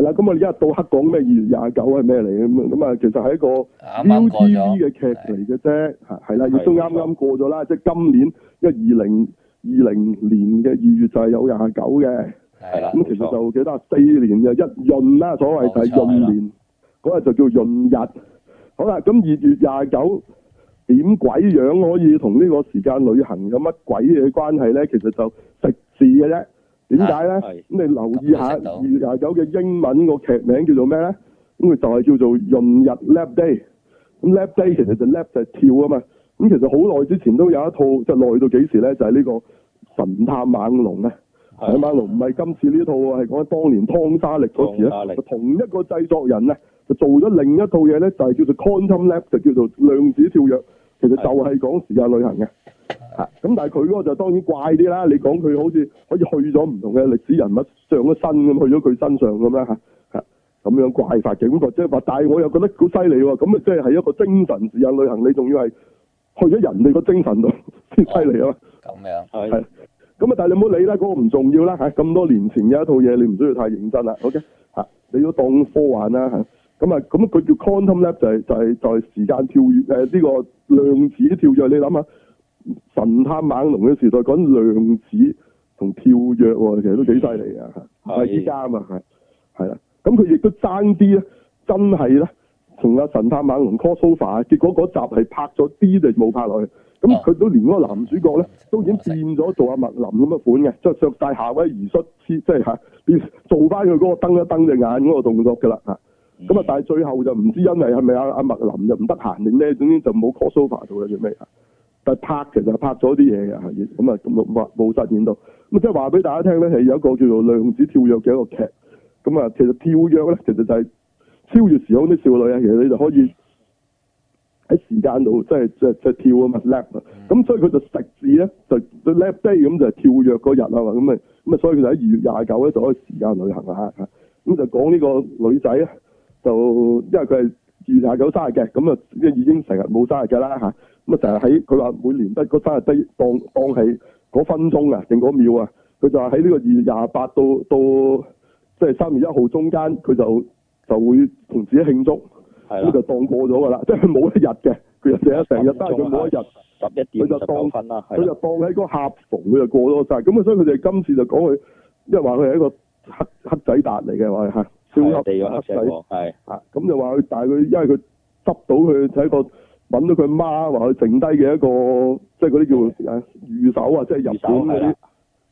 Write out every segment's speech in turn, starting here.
啦咁我哋一日到黑講咩二月廿九係咩嚟咁？咁啊？其實係一個 ViuTV 嘅劇嚟嘅啫，係係啦，亦都啱啱過咗啦，即係今年因為二零二零年嘅二月就係有廿九嘅，係啦。咁、嗯、其實就記得四年就一閏啦，所謂就係閏年嗰日就叫閏日。好啦，咁二月廿九點鬼樣可以同呢個時間旅行有乜鬼嘢關係咧？其實就食字嘅啫。點解咧？咁、啊、你留意下，二月廿九嘅英文、個劇名叫做咩咧？咁佢就係叫做《閏日 Leap Day》。咁 Leap Day 其實就 Leap 就係跳啊嘛。咁其實好耐之前都有一套，就耐、是、到幾時咧？就係、是、呢個《神探猛龍》咧，《猛龍》唔係今次呢套啊，係講喺當年湯沙力嗰時啊。同一個製作人啊，就做咗另一套嘢咧，就係叫做《Quantum Leap》，就叫做量子跳躍。其實就係講時間旅行嘅。吓咁，但係佢嗰個就當然怪啲啦。你講佢好似可以去咗唔同嘅歷史人物上咗身咁，去咗佢身上咁啦，吓吓咁樣怪法嘅，咁個即係話，但係我又覺得好犀利喎。咁啊，即係係一個精神自由旅行，你仲要係去咗人哋個精神度，先犀利啊！咁樣係，咁啊，但係你唔好理啦，嗰、嗰個唔重要啦吓。咁多年前有一套嘢，你唔需要太認真啦。OK，吓你都當科幻啦吓。咁、那、啊、個，咁佢叫 Quantum Leap 就係就係就係時間跳躍誒，呢個量子跳躍，你諗下。神探猛龍嘅時代，講、那個、量子同跳躍、啊，其實都幾犀利啊！係依家啊嘛，係係啦。咁佢亦都爭啲咧，真係咧，同阿神探猛龍 crossover 結果嗰集係拍咗啲，就冇拍落去。咁佢都連嗰個男主角咧，都已經變咗做阿麥林咁嘅款嘅，即係着晒夏威夷恤。即係吓，做翻佢嗰個瞪一瞪隻眼嗰個動作噶啦吓。咁、嗯、啊，但係最後就唔知因為係咪阿阿麥林就唔得閒，定咩，總之就冇 crossover 做啦，做咩？啊。拍，其實係拍咗啲嘢嘅，咁啊冇實現到。咁即係話俾大家聽咧，係有一個叫做量子跳躍嘅一個劇。咁啊，其實跳躍咧，其實就係超越時空啲少女啊。其實你就可以喺時間度，即係即係即係跳啊嘛，leap 咁，所以佢就食字咧，就 leap day 咁就係跳躍嗰日啊嘛。咁啊咁啊，所以佢就喺二月廿九咧就可以時間旅行啊。吓。咁就講呢個女仔啊，就因為佢係二月廿九生日嘅，咁啊即係已經成日冇生日噶啦吓。咁、嗯、啊，就喺佢話每年得個生日都當當係嗰分鐘啊，定嗰秒啊，佢就話喺呢個二月廿八到到即係三月一號中間，佢就就會同自己慶祝，咁就當過咗㗎啦，即係冇一日嘅，佢就成日成日都係佢冇一日，佢就當過咗，佢就當喺個客房佢就過咗曬，咁啊，所以佢哋今次就講佢，因為話佢係一個黑黑仔達嚟嘅話嚇，小黑黑仔，係啊，咁就話佢，但係佢因為佢執到佢睇揾到佢媽話佢剩低嘅一個，即係嗰啲叫啊御守啊，即係日本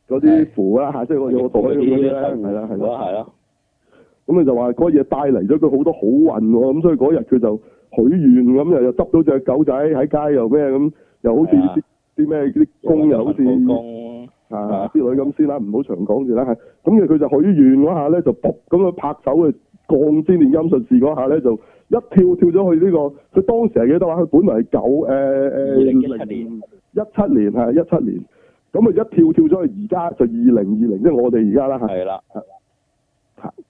嗰啲啲符啦嚇，即係我我讀嗰啲咧，係啦係啦，咁佢就話嗰嘢帶嚟咗佢好多好運喎，咁所以嗰日佢就許願咁又又執到隻狗仔喺街又咩咁，又好似啲啲咩啲工又好似啊啲女咁先啦，唔好長講住啦嚇，咁然後佢就許願嗰下咧就噏咁啊拍手啊！鋼之煉金術士嗰下咧，就一跳跳咗去呢個，佢當時係幾多話？佢本來係九誒二零一七年，一七年係一七年，咁啊一跳跳咗去而家就二零二零，即係我哋而家啦。係啦，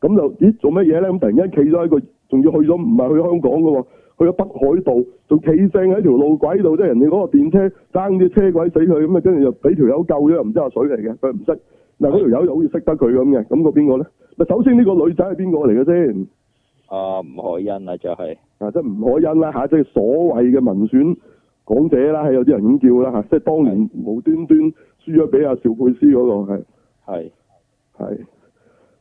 咁就咦做乜嘢咧？咁突然間企咗喺個，仲要去咗唔係去香港噶喎，去咗北海道，仲企正喺條路軌度，即係人哋嗰個電車爭啲車軌死去。咁啊跟住就俾條友救咗，又唔知係水嚟嘅，佢唔識。嗱、那個，嗰條友又好似識得佢咁嘅，咁個邊個咧？咪首先呢個女仔係邊個嚟嘅先？啊，吳凱欣啊，就係、是、啊，即係吳凱欣啦，吓、啊，即、就、係、是、所謂嘅民選港姐啦，有啲人咁叫啦，吓、啊，即、就、係、是、當年無端端輸咗俾阿邵佩斯嗰、那個係，係係，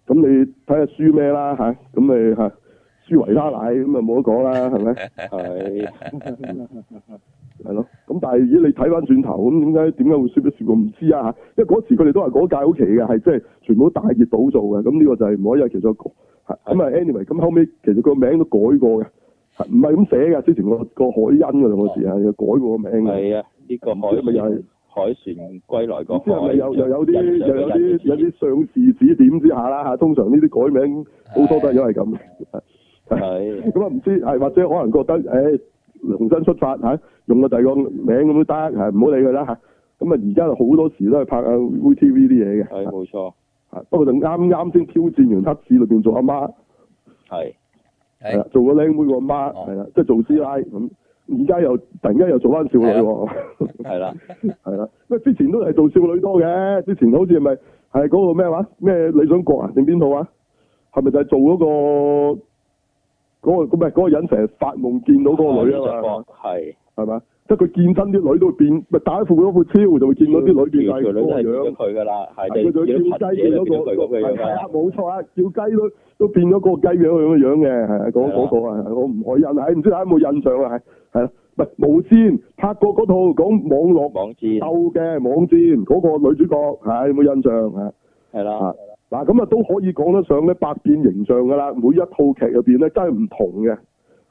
咁你睇下輸咩啦吓，咁、啊、你，吓輸維他奶，咁啊冇得講啦，係 咪是嗎？係。 係咯，咁但係咦？你睇翻轉頭，咁點解點解會說一說我唔知啊？吓，因為嗰時佢哋都係嗰屆好奇嘅，係即係全部都大熱倒灶嘅，咁呢個就係唔可以有其實咁係 anyway，咁後尾其實個名都改過嘅，唔係咁寫㗎。之前個個海恩嘅兩個字，係改過個名係係啊，呢個海咪又係海船歸來講唔知係咪有又有啲又有啲有啲上司指點之下啦吓？通常呢啲改名好多都係因為咁。係。咁啊唔知係或者可能覺得誒。哎重新出發嚇，用個第二個名咁都得嚇，唔好理佢啦嚇。咁啊，而家就好多時都去拍 ViuTV 啲嘢嘅。係冇錯，嚇。不過就啱啱先挑戰完黑市裏邊做阿媽，媽，係係做個靚妹個阿媽，係、哦、啦，即係做師奶咁。而家又突然間又做翻少女喎。係啦、啊，係 啦。咩之前都係做少女多嘅？之前好似咪係嗰個咩話咩理想國定邊套啊？係咪、啊、就係做嗰、嗰個？嗰、那個唔係嗰個人成日發夢見到嗰個女啊嘛，係、這、係、個、即係佢見真啲女都會變，咪打一副嗰副超就會見到啲女變曬樣，佢噶啦，係佢就叫雞見到個，係啊冇錯啊，叫雞都、那個啊那個、都變咗個雞樣咁嘅樣嘅，係嗰嗰啊，我唔、那個那個那個、開印係唔知大家有冇印象啊？係係啦，唔係無線拍過嗰套講網絡網鬥嘅網戰嗰、那個女主角係有冇印象啊？係啦。嗱咁啊都可以講得上咧百變形象噶啦，每一套劇入邊咧真係唔同嘅，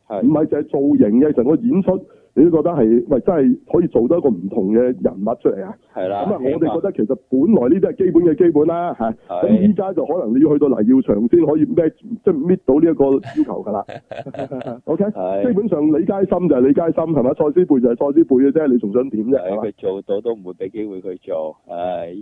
係唔係淨係造型嘅成個演出你都覺得係喂真係可以做到一個唔同嘅人物出嚟啊？係啦，咁啊我哋覺得其實本來呢啲係基本嘅基本啦吓，咁依家就可能你要去到黎耀祥先可以咩即係搣到呢一個要求噶啦 ，OK？基本上李佳芯就係李佳芯係咪，蔡思貝就係蔡思貝嘅啫，你仲想點啫？係佢做到都唔會俾機會佢做，係。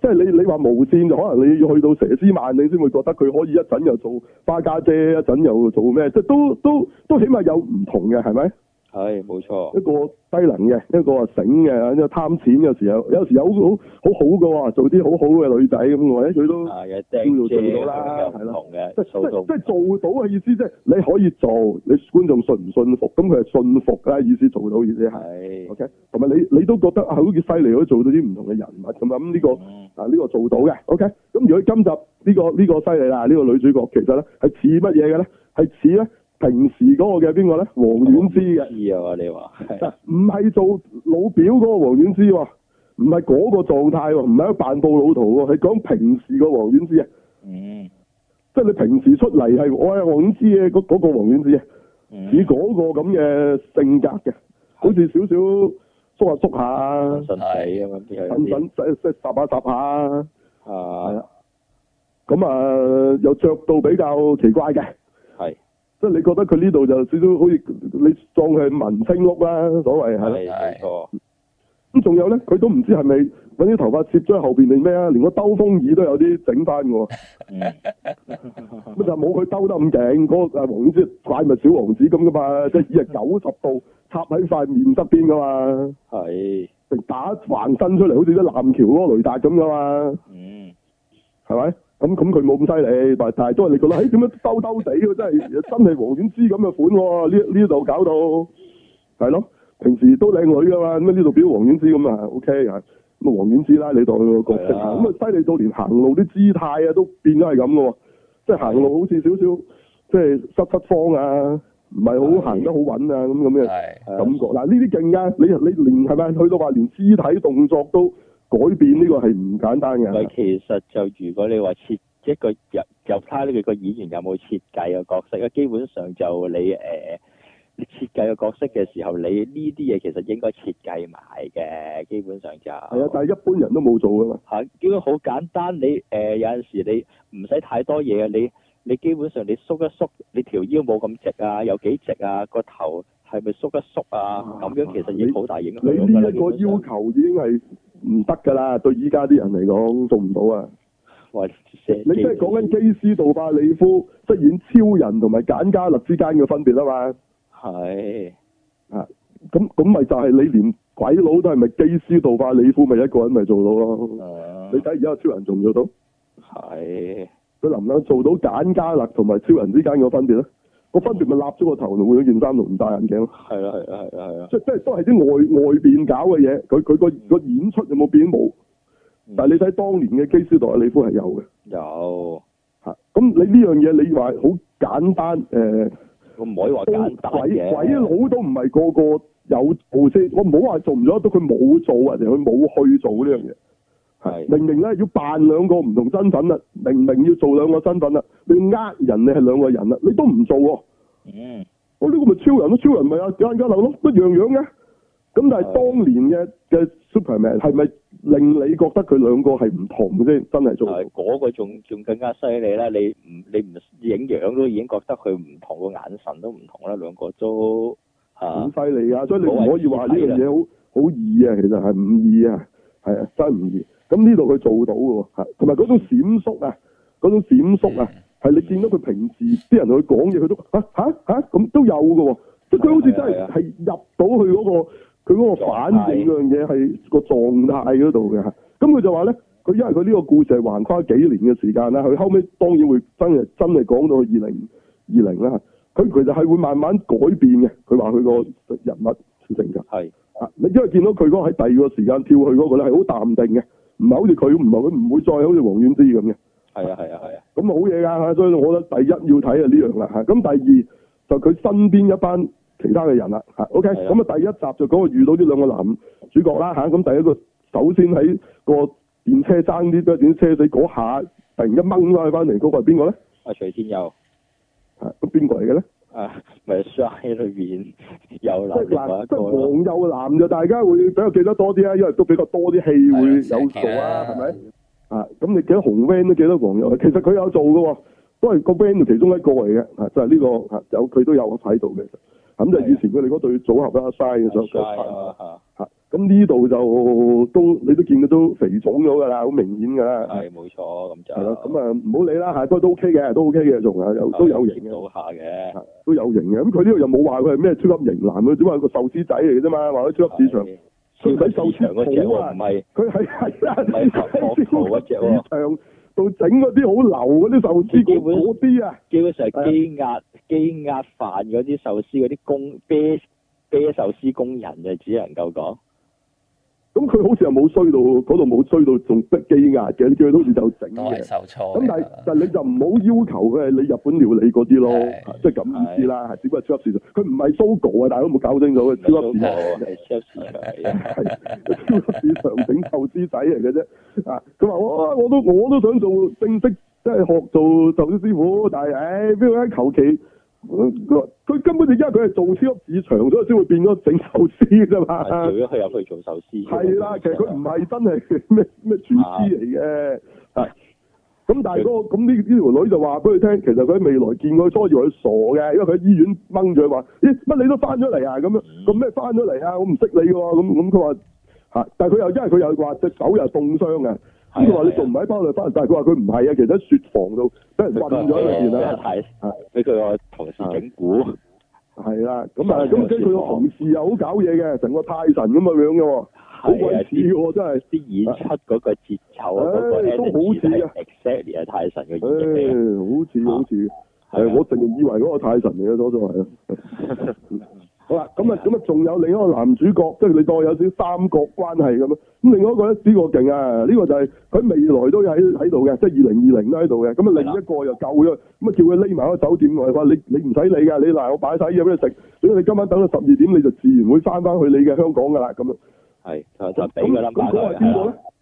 即係你你話無線，就可能你要去到佘詩曼你先會覺得佢可以一陣又做花家姐，姐一陣又做咩，即係都都都起碼有唔同嘅係咪？係，冇錯，一個低能嘅，一個醒嘅，即係貪錢嘅時候，有時候有個好好好嘅喎，做啲好好嘅女仔咁，或者佢都係嘅，啊、做,到數數做到做到啦，係咯，即係即係即係做到嘅意思，即係你可以做，你觀眾信唔信服，咁佢係信服嘅意,意思，做到意思係，OK，同埋你你都覺得好似犀利，可以做到啲唔同嘅人物咁，咁呢個、嗯、啊呢個做到嘅，OK，咁如果今集呢個呢個犀利啦，呢個女主角其實咧係似乜嘢嘅咧，係似咧。平時嗰個嘅邊個咧？黃遠之嘅。啊，你話。唔係做老表嗰個黃遠之喎，唔係嗰個狀態喎，唔係個扮布老徒喎，係講平時，王，嗯平時哎，王個黃遠之啊。嗯。即係你平時出嚟係我係黃遠之嘅嗰個黃遠之啊，以嗰個咁嘅性格嘅，好似少少縮下縮下啊。係啊，咁樣。揼揼即即集下集下啊。咁啊，又着到比較奇怪嘅。即係你覺得佢呢度就少少好似你撞佢係文青屋啦，所謂係啦，唔錯。咁仲、嗯嗯嗯嗯嗯嗯嗯嗯嗯、有咧，佢都唔知係咪搵啲頭髮攝咗喺後邊定咩啊？連個兜風耳都有啲整翻嘅喎。咁就冇佢兜得咁勁。嗰個黃王子怪物小王子咁嘅嘛，即係耳係九十度插喺塊面側邊㗎嘛。係成打橫伸出嚟，好似啲艦橋嗰個雷達咁嘅嘛。嗯，係咪？咁咁佢冇咁犀利，但但係都係你覺得，嘿、欸，點樣兜兜地喎？真係真係王菀之咁嘅款喎。呢呢度搞到係咯，平時都靚女㗎嘛。咁啊呢度表王菀之咁啊。O K 啊，咁啊王菀之啦，你當佢個角色。咁啊犀利到連行路啲姿態啊，都變咗係咁喎。即係行路好似少少，即係失失方啊，唔係好行得好穩啊。咁咁嘅感覺。嗱，呢啲勁啊，你你連係咪去到話連肢體動作都。改變呢個係唔簡單嘅。係其實就如果你話設一個入入卡呢個演員有冇設計個角色咧？基本上就你誒、呃、你設計個角色嘅時候，你呢啲嘢其實應該設計埋嘅。基本上就係啊，但係一般人都冇做噶嘛。嚇，因為好簡單，你誒、呃、有陣時候你唔使太多嘢啊，你你基本上你縮一縮，你條腰冇咁直啊，有幾直啊個頭。係咪縮一縮啊？咁樣其實已經好大影響，啊。你呢一個要求已經係唔得噶啦，對依家啲人嚟講做唔到啊！喂，你即係講緊基斯杜拜里夫出係演超人同埋簡加勒之間嘅分別啊嘛？係啊，咁咁咪就係你連鬼佬都係咪基斯杜拜里夫咪一個人咪做到咯，啊？你睇而家超人做唔做到？係佢能唔能做到簡加勒同埋超人之間嘅分別咧？個分別咪立咗個頭同換咗件衫同唔戴眼鏡咯，係啦係啦係啦係啦，即係即係都係啲外外邊搞嘅嘢，佢佢個個演出有冇變冇？但係你睇當年嘅《基斯代李夫》係有嘅，有吓咁、啊、你呢樣嘢你話好簡單誒，唔、呃、可以話簡單、啊、鬼鬼佬都唔係個個有做先，我唔好話做唔咗，都佢冇做人哋，佢冇去做呢樣嘢。係，明明咧要扮兩個唔同身份啦，明明要做兩個身份啦，你呃人你係兩個人啦，你都唔做，哦。嗯、我、哦、呢、這個咪超人咯，啊，超人咪阿賈賈能咯，啊，一樣樣嘅，啊。咁但係當年嘅嘅 Superman 係咪令你覺得佢兩，啊那個係唔同嘅？係真係做？嗰個仲仲更加犀利啦！你唔你唔影樣都已經覺得佢唔同個眼神都唔同啦，兩個都啊好犀利噶，所以你唔可以話呢樣嘢好好易啊，其實係唔易啊，係啊真唔易。咁呢度佢做到嘅喎，同埋嗰種閃縮啊，嗰種閃縮啊，係、嗯、你見到佢平時啲人去講嘢，佢都嚇嚇嚇咁都有嘅喎，即係佢好似真係係入到去嗰個佢嗰個反應樣嘢係個狀態嗰度嘅。咁佢就話咧，佢因為佢呢個故事係橫跨幾年嘅時間啦，佢後尾當然會真係真係講到二零二零啦。佢其實係會慢慢改變嘅。佢話佢個人物設定㗎係啊，你因為見到佢嗰個喺第二個時間跳去嗰個咧係好淡定嘅。唔係好似佢，唔係佢唔會再好似黃菀之咁嘅。係啊係啊係啊，咁啊好嘢噶吓，所以我覺得第一要睇啊呢樣啦吓，咁第二就佢、是、身邊一班其他嘅人啦吓。O K，咁啊，、okay？啊第一集就嗰個遇到呢兩個男主角啦吓，咁、啊、第一個首先喺個電車爭呢堆電車仔嗰下，突然間掹咗佢翻嚟，嗰、那個係邊個咧？阿、啊、徐天佑。啊，咁邊個嚟嘅咧？ 啊，咪 shine 裏邊有即係黃又南就男大家會比較記得多啲啦，因為都比較多啲戲會有做 是吧 啊，係咪？啊，咁你記得紅 van 都記得黃又，其實佢有做嘅，都係個 van 其中一個嚟嘅、啊，就係、是、呢、這個，係有佢都有睇到嘅，咁、啊、就是、以前佢哋嗰對組合啦，shine 想講。 咁呢度就都你都見到都肥腫咗㗎啦，好明顯㗎啦。係冇錯，咁就係啦。咁啊唔好理啦，不過都都 OK 嘅，都 OK 嘅，仲、OK、有都有型嘅。好下嘅，都有型嘅。咁佢呢度又冇話佢係咩超級型男，佢只係個壽司仔嚟㗎啫嘛。話佢超級市場，佢唔係壽司長嗰隻喎，唔係。佢係係係壽司長嗰整嗰啲好流嗰啲壽司，好啲 啊基！基本上鴨，係機壓機壓飯嗰啲壽司，嗰啲工啤啤壽司工人嘅、啊，只能夠講。咁佢好似又冇衰到，嗰度冇衰到，仲逼積壓嘅，叫佢好似就整嘅。多受咁但係，啊、但你就唔好要，要求佢係，你日本料理嗰啲咯，即係咁意思啦。只不過超級市場，佢唔係 sogo 啊，大家都冇搞清楚嘅超級市場。超級市場整壽司仔嚟嘅啫。 啊，佢話：我我都我都想做正式，即係學做壽司師傅，但係，誒、哎，邊個喺求其？佢佢佢根本而家佢係做超級市場，所以先會變咗整壽司嘅啫嘛。係，如果佢入去做壽司，係啦，其實佢唔係真係咩咩廚師嚟嘅。係，咁、啊啊、但係嗰咁呢呢條女就話俾佢聽，其實佢喺未來見過初，以為佢傻嘅，因為佢喺醫院掹住話，咦，乜你都翻咗嚟啊？咁樣咁咩翻咗嚟啊？我唔識你㗎，咁咁佢話吓，但係佢又因為佢又話隻狗又凍傷嘅。咁佢話：你仲唔喺包裏，翻？但係佢話佢唔係啊，其實喺雪房度俾人困咗喺裏邊啦。俾佢個同事整蠱。係啦，咁啊，咁跟住佢個同事又好搞嘢嘅，成個泰神咁嘅樣嘅，好鬼似喎！真係啲演出嗰個節奏，唉、啊，都好似、exactly 哎、啊。exactly 係泰神嘅。唉，好似好似嘅。我淨係以為嗰個泰神嚟嘅，多數係啊。呵呵 好啦，咁啊，咁啊，仲有另一個男主角，即係你當有少三角關係咁樣。咁另外一個咧，呢個勁啊，呢個就係佢未來都喺喺度嘅，即係二零二零都喺度嘅。咁啊，另一個又救咗，咁啊叫佢匿埋喺酒店內，話你你唔使理㗎，你嗱我擺晒嘢俾你食，所以你今晚等到十二點你就自然會翻翻去你嘅香港㗎啦。咁啊，係啊，就俾、是、個 number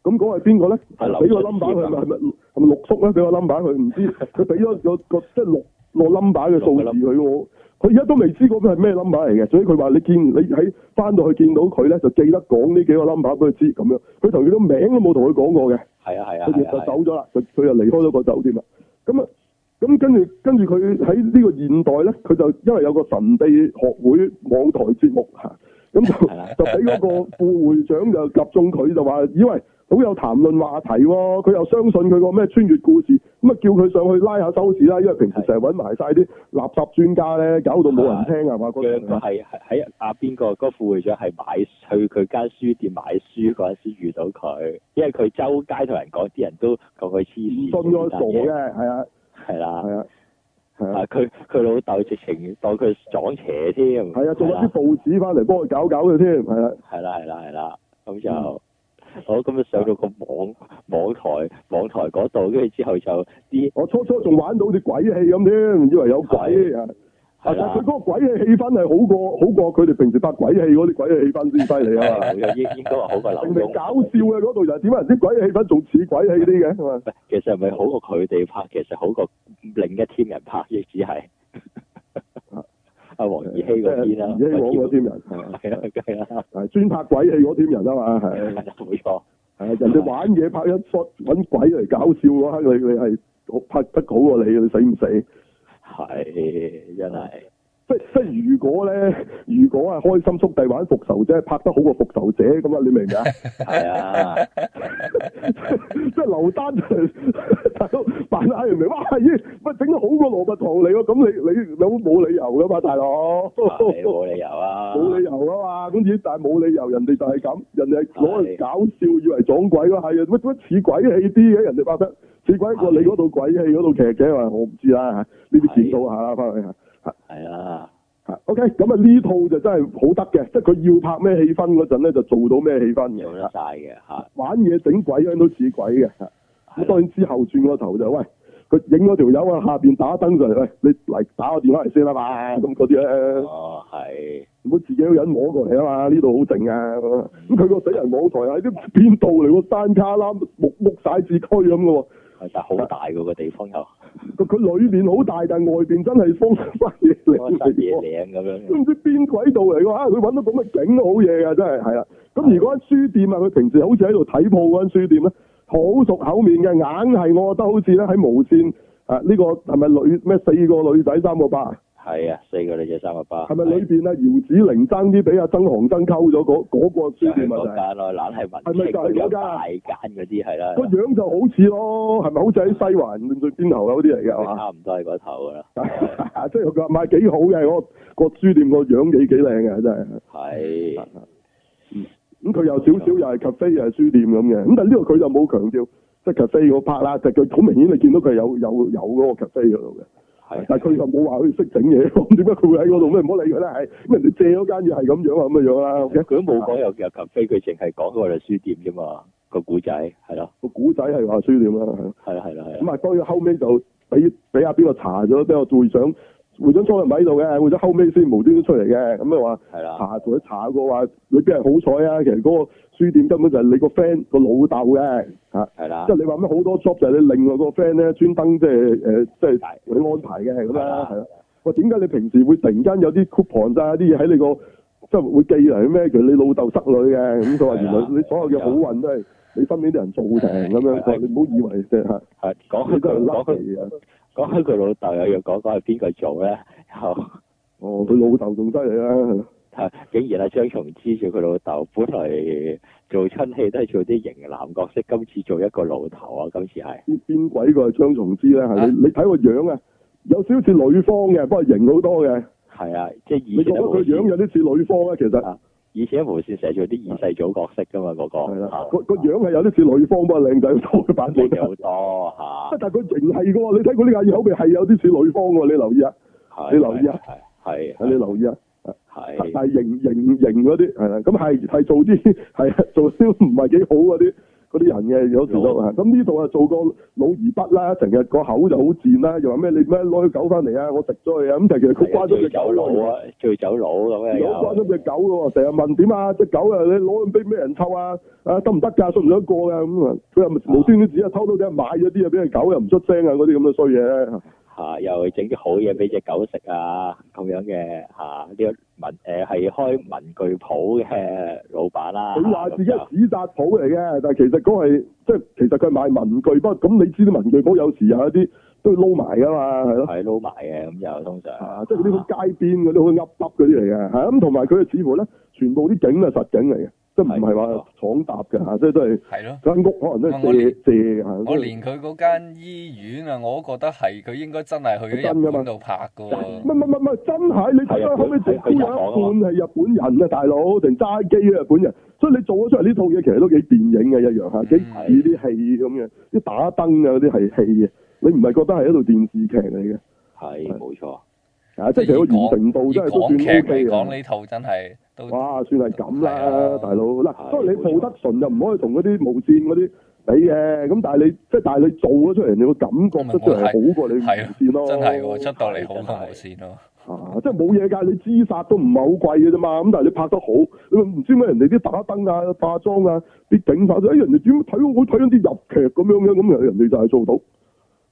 咁嗰個係邊個咧？咁嗰係邊個咧？俾個 number 佢係咪？係咪六叔咧？俾個 number 佢唔知，佢俾咗個即係六六 number 嘅數字佢喎。佢而家都未知嗰個係咩 number 嚟嘅，所以佢話：你見你喺翻到去見到佢咧，就記得講呢幾個 number 俾佢知咁樣。佢同佢個名都冇同佢講過嘅。係啊係啊，佢就走咗啦，佢佢就離開咗個酒店啦。咁啊，咁、啊啊啊啊、跟住跟住佢喺呢個現代咧，佢就因為有個神秘學會網台節目咁、啊啊、 就就俾嗰個副會長就集中佢就話：以為。好有談論話題喎，佢又相信佢個咩穿越故事，咁啊叫佢上去拉下收視啦，因為平時成日揾埋晒啲垃圾專家咧，搞到冇人聽啊嘛。嗰個係喺阿邊個嗰個副會長係買去佢間書店買書嗰陣時遇到佢，因為佢周街同人講，啲人都講佢黐線，真係係啊，係啦，係啊，啊佢佢老豆直情當佢撞邪添，係啊，仲有啲報紙翻嚟，幫佢搞搞嘅添，係啦，係啦，係啦，咁就。我今日上到個網網台網台嗰度，跟住之後就啲。我初初仲玩到啲鬼戲咁添，以為有鬼啊。係啊。佢嗰個鬼嘅氣氛係好過好過佢哋平時拍鬼戲嗰啲鬼嘅氣氛先犀利啊嘛。有 應應該話好過林。搞笑啊嗰度又係點解人啲鬼嘅氣氛仲似鬼戲啲嘅？其實係咪好過佢哋拍？其實好過另一隊人拍亦只係。 阿黃二希嗰啲啦，是希氣嗰啲人係、哎、啊，係啊，係專拍鬼戲嗰啲人啊嘛，係冇錯，係人哋玩嘢拍一出揾鬼嚟搞笑嘅話，你你係拍得好過你，你死唔死？係、啊、真係，即即如果咧，如果係、啊、開心速遞玩復仇者，拍得好過復仇者咁啦，你明唔明啊？係啊，即劉丹。大佬扮得嗨唔明，哇咦！喂，整得好過蘿蔔糖你咯，咁你你你好冇理由噶嘛，大佬。冇理由啊。冇 理由啊嘛，咁而且但係冇理由人，人哋就係咁，人哋攞嚟搞笑，以為撞鬼咯，係啊，乜似鬼戲啲嘅，人哋拍得似鬼過你嗰套鬼戲嗰套劇嘅話，我唔知啦嚇。呢啲見到下啦，翻去。嚇。係啊。O K，咁啊呢套就真係好得嘅，即係佢要拍咩氣氛嗰陣咧，就做到咩氣氛。做得曬嘅嚇。玩嘢整鬼樣都似鬼嘅。咁當然之後轉個頭就喂，佢影咗條友喺下邊打燈上嚟，喂，你嚟打個電話嚟先啦嘛，咁嗰啲咧。哦，係。如果自己都人摸過嚟啊嘛，呢度好靜啊，咁，佢個死人舞台喺啲邊度嚟？山卡啦，木木寫字區咁嘅喎。係，但好大喎個地方又。佢佢裏邊好大，但係外邊真係荒山野野嶺咁樣。都唔知邊鬼度嚟嘅嚇？佢揾到咁嘅景都好嘢嘅，真係係啦。咁如果喺書店啊，佢平時好似喺度睇鋪嗰間書店咧，好熟口面嘅，硬係我覺得好似咧喺無線啊呢，呢個係咪女咩四個女仔三個八係啊，四個女仔三個八。係咪裏面啊，啊？姚子羚爭啲俾阿曾航生溝咗嗰嗰個書店問題？係，就是就是那個，啊，梗係難係文青嗰啲大間嗰啲係啦。個樣就好似咯，係咪好似喺西環最邊頭嗰啲嚟㗎？係 嘛，啊啊啊？差唔多係嗰頭㗎啦。即係唔係幾好嘅？我，個書店個樣幾幾靚㗎，真係。係，啊。咁、嗯、佢有少少又係咖啡又係書店咁嘅，咁但係呢個佢就冇強調即係咖啡嗰 part 啦，就佢、是、好明顯你見到佢有有有嗰個咖啡嗰度嘅，係、okay，但係佢又冇話佢識整嘢，咁點解佢會喺嗰度咩唔好理佢啦，唉，咁人哋借嗰間嘢係咁樣啊，咁樣啦佢都冇講有有咖啡，佢淨係講我哋書店啫嘛，個古仔係啦個古仔係話書店啦，係啦係啦係咁啊，當然後尾就俾俾阿邊個查咗，俾個隊長。換咗初人喺度嘅，換咗後尾先無端端出嚟嘅，咁咪話查同佢查過話，你邊係好彩啊！其實嗰個書店根本就係你個 friend 個老豆嘅嚇，係啦。即、啊、係、就是、你話咩好多 job 就係你另外個 friend 咧專登即係誒，即係佢安排嘅咁樣。係咯。喂，點解你平時會突然間有啲 coupon 咋、啊？啲嘢喺你個即係會寄嚟咩？其實你老豆室女嘅咁，佢話原來你所有嘅好運都係你身邊啲人做成咁樣。你唔好以為即係係講佢講講開佢老豆又要講講係邊個做咧？哦，佢老豆仲犀利啦！竟然係、啊、張松之住佢老豆，本來做親戲都係做啲型男角色，今次做一個老頭啊！今次係邊鬼個係張松之咧？係、啊、你睇個樣啊，有少少似女方嘅，不過型好多嘅。係啊，即係你覺得佢樣有啲似女方啊，其實。啊以前無綫寫咗啲二世祖角色㗎嘛，嗰、那個啊、個，個個樣係有啲似女方，不過靚仔好多，多吓、啊。但係佢型係嘅喎，你睇佢呢眼耳口鼻係有啲似女方喎，你留意啊，你留意啊，係，你留意啊，係，係型型型嗰啲，係啦，咁係係做啲係做燒唔係幾好嗰啲。嗰啲人嘅有時都係，咁呢度啊、嗯、做個老而不啦，成日個口就好賤啦，又話咩你咩攞去狗翻嚟啊，我食咗佢啊，咁其實佢關心隻狗啊，佢走佬咁樣，而家關心隻狗喎，成日問點啊，隻狗啊你攞去俾咩人湊啊，啊得唔得㗎，信唔信過㗎咁啊，佢又、啊啊、無端端自己偷、啊、到啲買咗啲啊俾隻狗又唔出聲啊嗰啲咁嘅衰嘢。那些啊！又整啲好嘢俾隻狗食啊！咁樣嘅嚇，呢、啊、個文係、啊、開文具鋪嘅老闆啦、啊。佢話自己係紙紮鋪嚟嘅，但其實嗰係即係其實佢係賣文具筆。咁你知啲文具鋪有時候有一啲都撈撈埋噶嘛，係咯。撈埋嘅，咁又通常。啊！即係嗰啲好街邊嗰啲好噏噏嗰啲嚟嘅，咁同埋佢啊，喊喊似乎咧全部啲景啊實景嚟嘅。即唔係話廠搭嘅嚇，即係都係間屋可能都借借嚇。我連佢嗰間醫院啊，我都覺得係佢應該真係去日本度拍㗎？唔係唔係唔係，真係你睇下後尾一半係日本人啊，大佬成揸機日本人。所以你做咗出嚟呢套嘢，其實都幾電影嘅一樣嚇，幾似啲戲咁樣，啲打燈啊嗰啲係戲嘅。你唔係覺得係一套電視劇嚟嘅？係冇錯。即係其實個完成度真係都算 OK 啊！講劇講呢套真係，哇，算係咁啦，大佬嗱。所、啊、以你，你，你做得順就唔可以同嗰啲無線嗰啲比嘅。咁但係你即係但係你做咗出嚟，個感覺出出嚟好過你無線咯。嗯、真係出到嚟好過無線咯。啊、即係冇嘢㗎，你資質都唔係好貴嘅啫嘛。咁但係你拍得好，你唔知咩人哋啲打燈啊、化妝啊、啲景拍人哋點睇到睇到啲入劇咁樣樣咁，人哋就係做到。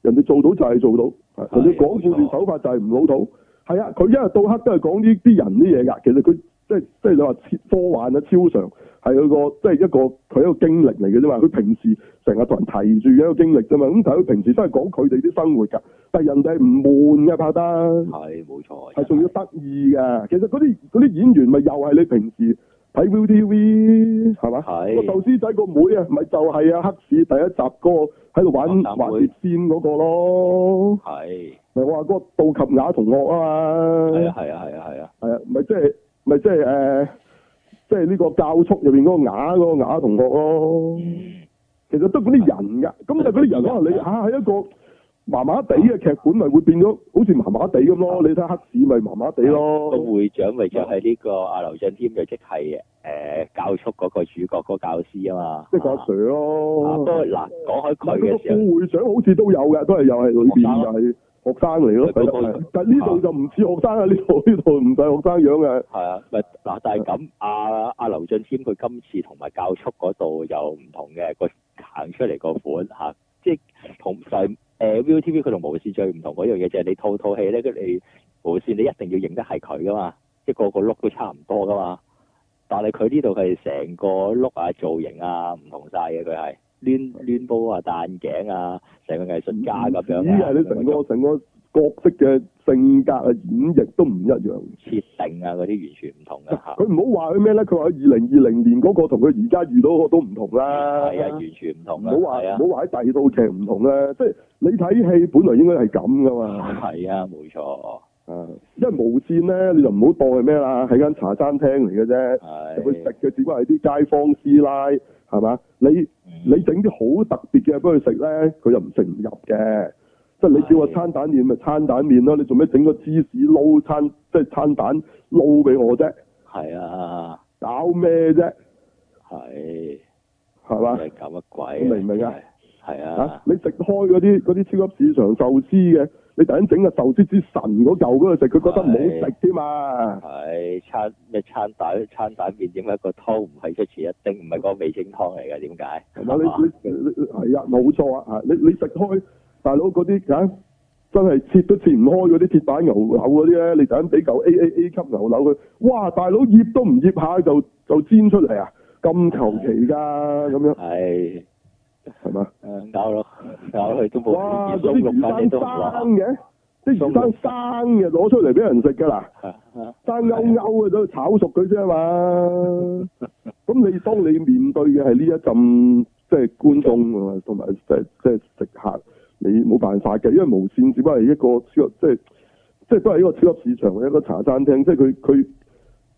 人哋做到就係做到，同、哎、你講笑啲手法就係唔老土。哎係啊，佢一日到黑都係講呢啲人啲嘢噶。其實佢即係即係你話科幻啊、超常，係佢個即係一個佢、即係、一,一個經歷嚟嘅啫嘛。佢平時成日同人提住嘅一個經歷啫嘛。咁但係佢平時都係講佢哋啲生活噶。但係人哋唔悶嘅，拍得係冇錯，係仲要得意㗎。其實嗰啲嗰啲演員咪又係你平時。睇 ViuTV 係咪？個壽司仔個妹啊，咪就係啊！黑市第一集嗰、那個喺度玩滑鐵仙嗰個咯。係咪我話嗰個倒琴雅同學啊嘛？係啊係啊係啊係啊，係、那個、啊唔係，即係唔係，即係誒即係呢個教速入面嗰個雅嗰個雅同學咯。其實都嗰啲人㗎，咁、啊、就嗰啲人可能、啊、你嚇係、啊、一個。麻麻地嘅劇本咪會變咗，好似麻麻地咁咯。你睇黑市咪麻麻地咯。個、啊啊、會長咪就係呢、這個阿劉俊謙，就即係誒教促嗰個主角嗰教師、就是、啊嘛。即係阿 Sir 咯。嗱、啊啊啊啊啊啊，講開佢嘅個副會長好似都有嘅，都係又係裏邊又係學生嚟咯。但呢度就唔似學生啊，呢度呢度唔似學生樣嘅。係啊，咪嗱但係咁。阿阿劉俊謙佢今次同埋教促嗰度有唔同嘅個行出嚟個款嚇。啊即係同的東西就係誒 ViuTV 佢同無線最唔同嗰樣嘢就係你套套戲咧，佢哋無線你一定要認得係佢噶嘛，即係個個 look 都差唔多噶嘛，但係佢呢度係成個 look 啊，造型啊唔同晒嘅，佢係攣攣煲啊，戴眼鏡啊，成個係藝術家咁樣、啊角色嘅性格啊，演繹都唔一樣，設定啊嗰啲完全唔同啦。佢唔好話佢咩咧？佢話二零二零年嗰個同佢而家遇到嗰個都唔同啦。係、嗯、啊，完全唔同啦。唔好話唔好話喺第二套劇唔同啦。即係、啊、你睇戲本來應該係咁噶嘛。係啊，冇錯啊。 因為無線咧，你就唔好當係咩啦，係間茶餐廳嚟嘅啫。係、啊。佢食嘅只不過係啲街坊師奶，係嘛？你、嗯、你整啲好特別嘅嘢俾佢食咧，佢就唔食唔入嘅。你叫我餐蛋麵咪、啊、餐蛋麵咯，你做咩整個芝士撈餐即係餐蛋撈俾我啫？係啊，搞咩啫？係，係搞乜鬼明唔明啊？係啊，啊，啊，啊，你食開嗰啲嗰啲超級市場壽司嘅，你突然整個壽司之神嗰嚿嗰度食，佢覺得唔好食啫嘛？係、啊、餐咩餐蛋餐蛋麵？點解個湯唔係出前一丁，唔係個味精湯嚟㗎？點解？係、啊、嘛？你你係啊，冇錯啊，你你食開。大佬嗰啲啊，真係切都切唔開嗰啲鐵板牛柳嗰啲咧，你等咁俾嚿 A A A 級牛柳佢，哇！大佬醃都唔醃下就就煎出嚟啊，咁求其噶咁樣，係係嘛？搞咯，搞、嗯、去東部，哇！嗰啲魚生生嘅，啲魚生生嘅攞出嚟俾人食噶嗱，生、啊啊、勾勾嘅都要炒熟佢啫嘛。咁 你當你面對嘅係呢一陣，即、就、係、是、觀眾同埋即係即係食客。你冇辦法嘅，因為無線只不過係一個超即係即係都係一個超級市場嘅一個茶餐廳，即係佢佢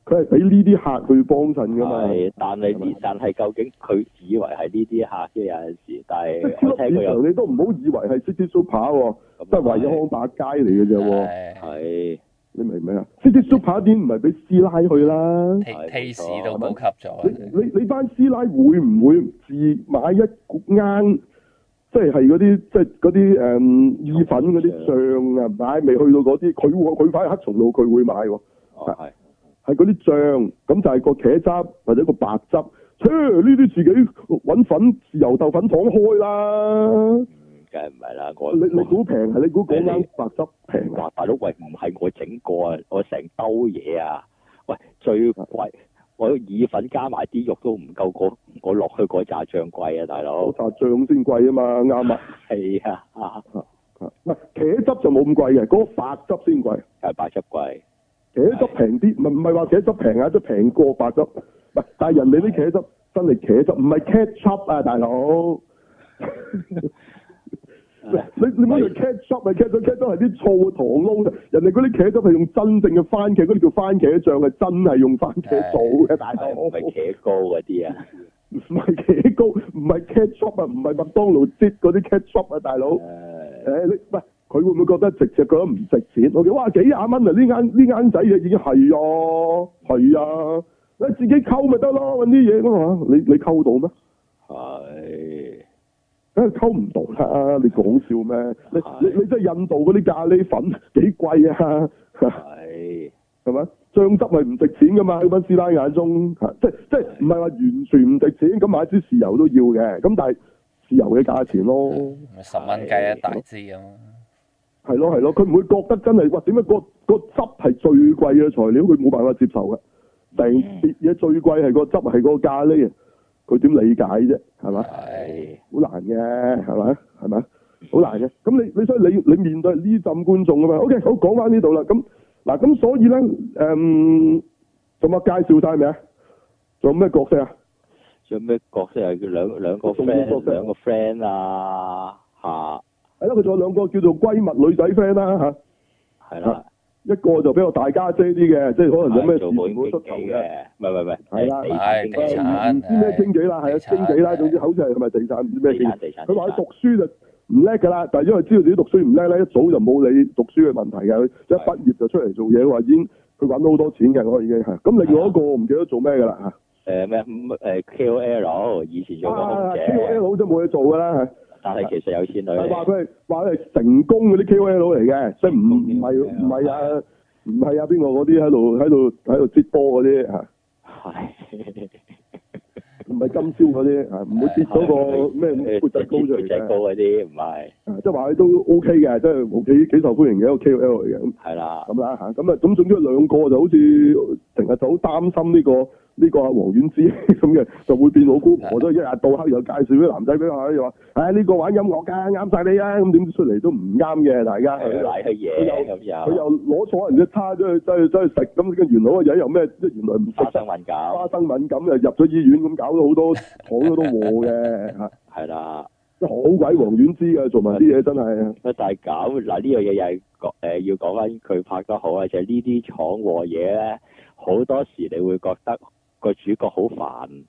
佢係俾呢啲客去幫襯㗎嘛。係，但係但係究竟佢以為係呢啲客嘅有陣時，但係超級市場佢你都唔好以為係 city super 喎，都係惠康百佳嚟嘅啫。係、就是，你明唔明啊 city super 點唔係俾師奶去啦？Taste 都冇吸咗。你你，你，你班師奶會唔會自買一攤？即係嗰啲，即係啲誒意粉嗰啲醬啊，唔買，未去到嗰啲，佢佢反黑松露佢會買喎、啊。哦，係，嗰啲醬，咁就係個茄汁或者個白汁，呢啲自己揾粉，油豆粉糖開啦。梗係唔係啦，你你估平係你估嗰間白汁平、啊？哇大佬，喂唔係我，我整過啊，我成兜嘢啊，喂最貴。啊我意粉加埋啲肉都唔夠，我落去嗰炸醬貴啊，大佬！炸醬先貴啊嘛，啱 啊，係啊，唔係茄汁就冇咁貴嘅，嗰、嗰個、白汁先貴，係白汁貴，茄汁平啲，唔唔係話茄汁平啊，都平過白汁，唔但係人哋啲茄汁真係茄汁，唔係 ketchup 啊，大佬。 哎、你你嗰條 ketchup 咪 ketchup ketchup 係啲醋糖撈，人哋嗰啲茄汁係用真正嘅番茄，嗰啲叫番茄醬係真係用番茄做嘅，哎，大佬。唔 係茄膏嗰啲啊，唔係茄膏，唔係 ketchup 啊，唔係麥當勞啲 ketchup 啊，大佬。誒，你唔佢、哎、會唔會覺得直只得唔值錢？我話幾廿蚊啊呢間呢間仔嘢已經係啊，係啊，啊，你自己溝咪得咯，搵啲嘢噶嘛，你你溝到咩？係、哎。梗溝唔到啦！你講笑咩？你你你，你真係印度嗰啲咖喱粉幾貴啊？係係咪啊？醬汁係唔值錢噶嘛？喺溫師奶眼中即係即係唔係話完全唔值錢？咁買支豉油都要嘅。咁但係豉油嘅價錢咯，十蚊雞一大支啊！係咯係咯，佢唔會覺得真係哇？點解個個汁係最貴嘅材料？佢冇辦法接受嘅。定啲嘢最貴係個汁，係個咖喱。佢點理解啫？係嘛？係，好難嘅，係嘛？係嘛？好難嘅。咁你你所以你你面對呢陣觀眾啊嘛。OK，好講翻呢度啦。咁嗱，咁所以咧，誒、嗯，做乜介紹晒未啊？做咩角色啊？做咩角色啊？叫兩兩個 friend，兩個 friend 啊吓係咯，佢、啊、仲有兩個叫做閨蜜女仔 friend 啦、啊、嚇。係、啊、啦。一個就比較大家姐啲嘅，即係可能有咩做妹妹出頭嘅，唔係唔係，係啦，地產唔知咩經紀啦，係啊，經紀啦，紀啦，總之好似係係咪地產，唔知咩經紀。佢話讀書就唔叻㗎啦，但係因為知道自己讀書唔叻咧，一早就冇理讀書嘅問題㗎，一畢業就出嚟做嘢。佢話已經佢揾到好多錢嘅，我已經係。咁另外一個唔記得做咩㗎啦嚇。誒咩？誒、呃、K O L 以前做嘅。K O L 都冇嘢做㗎啦。但係其實有錢女，佢話佢係話佢係成功嗰啲 K O L 嚟嘅，即係唔唔係唔係啊，唔係啊邊個嗰啲喺度喺度喺度接波嗰啲嚇，係唔係今朝嗰啲嚇？唔會接到個咩缽仔糕出嚟嘅，嗰啲唔係，即係話佢都 O K 嘅，即係幾幾受歡迎嘅一個 K O L 嚟嘅，係啦，咁啦咁啊咁總之兩個就好似成日就好擔心呢個。呢、這個阿、啊、黃遠枝咁嘅就會變老姑婆都一日到黑又介紹啲男仔俾我，又話：，唉呢、哎這個玩音樂㗎、啊，啱晒你啊！咁點知出嚟都唔啱嘅，大家係賴嘅嘢。佢又攞錯人啲叉出去出去出去食，咁跟住原來嘅仔又咩？即原來唔食花生敏感，花生敏感又入咗醫院，咁搞到好多好 多都冇嘅。係 啦，即係好鬼黃遠枝嘅，做埋啲嘢真係的。啊大搞，嗱呢樣嘢又係講、呃、要講翻佢拍得好啊，就係呢啲闖禍嘢咧，好多時你會覺得。個主角好煩，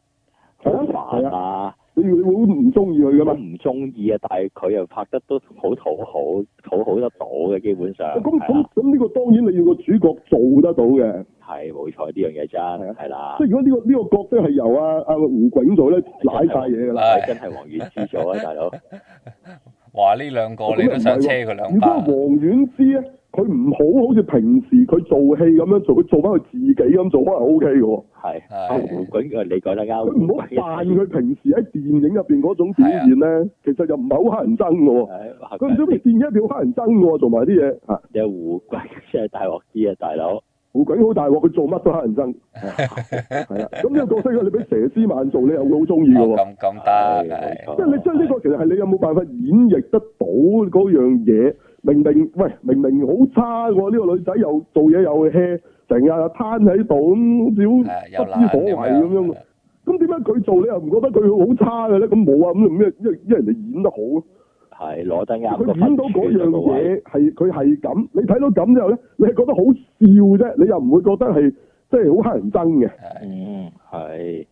好煩啊！你你會唔中意佢噶嘛？唔中意啊！但係佢又拍得都好討好，討好得到嘅基本上。咁咁咁呢個當然你要個主角做得到嘅。係冇錯，呢樣嘢真係啦。即係如果呢、這個呢、這個角色係由阿、啊、阿、啊、胡炳做咧，瀨晒嘢噶啦，真係王菀之做啊 大佬！嘩呢兩個你都想車佢兩把？如果王菀之？佢唔好好似平時佢做戲咁樣做，佢做翻佢自己咁做可能 O K 嘅喎。係。胡鬼啊，你講得啱。佢唔好扮佢平時喺電影入邊嗰種表現咧，其實就唔係好乞人憎嘅喎。佢唔少喺電影入邊好乞人憎嘅喎，做埋啲嘢。嚇！胡鬼真係大鑊機啊，大佬！胡鬼好大鑊，佢做乜都乞人憎。係啊，咁呢個角色你俾佘詩曼做，你又會好中意嘅喎。咁得即係你將呢個其實係你有冇辦法演繹得到嗰樣嘢？明明喂，明明好差喎！呢、這個女仔又做嘢又 hea 成日攤喺度咁，好似好不知所謂咁樣。咁點解佢做你又唔覺得佢好差嘅咧？咁冇啊，咁咩？因因人哋演得好咯。係攞真嘅，佢演到嗰樣嘢係佢係咁，你睇到咁之後咧，你係覺得好笑啫，你又唔會覺得係即係好乞人憎嘅。嗯，係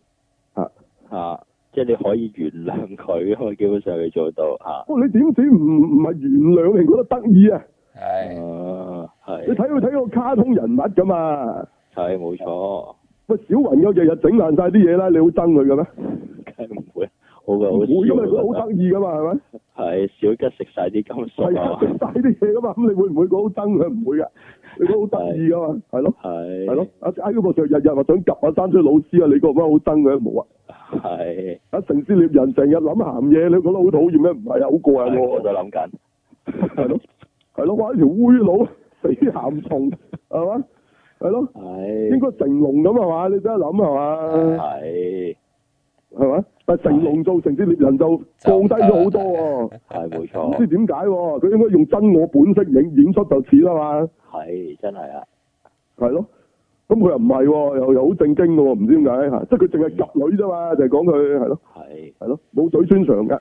嚇嚇。啊啊即係你可以原諒佢，可能基本上你做到嚇、啊哦。你點點唔唔係原諒，你覺得得意啊？係、哎。哦、啊，係。你睇佢睇個卡通人物㗎嘛，係、哎、冇錯。喂，小雲嗰日日整爛晒啲嘢啦，你會憎佢嘅咩？梗係唔會。好嘅，好因為佢好得，得意噶嘛，係、啊、咪？係 小吉食晒啲金屬、啊。係食晒啲嘢噶嘛？咁你會唔會好憎佢？唔會㗎。你嗰好得意啊嘛，係咯，係咯，阿阿嗰個就日日話想及阿山村老師啊，你嗰乜好憎佢。冇啊？係阿城市獵人成日諗咸嘢，你覺得好討厭咩？唔係啊，好過癮我就諗緊，係咯，係咯，話一條烏老死咸蟲，係嘛？係咯，係應該成龍咁係嘛？你真係諗係嘛？係。係咪？但是成龍造成啲獵人就降低咗好多喎、啊。係冇錯。唔知點解喎。佢應該用真我本色演演出就似啦嘛。係真係啊。係咯。咁佢又唔係喎，又又好正經嘅喎，唔知點解。即係佢淨係夾女啫嘛，就係講佢係咯。係。係咯。冇嘴穿常㗎。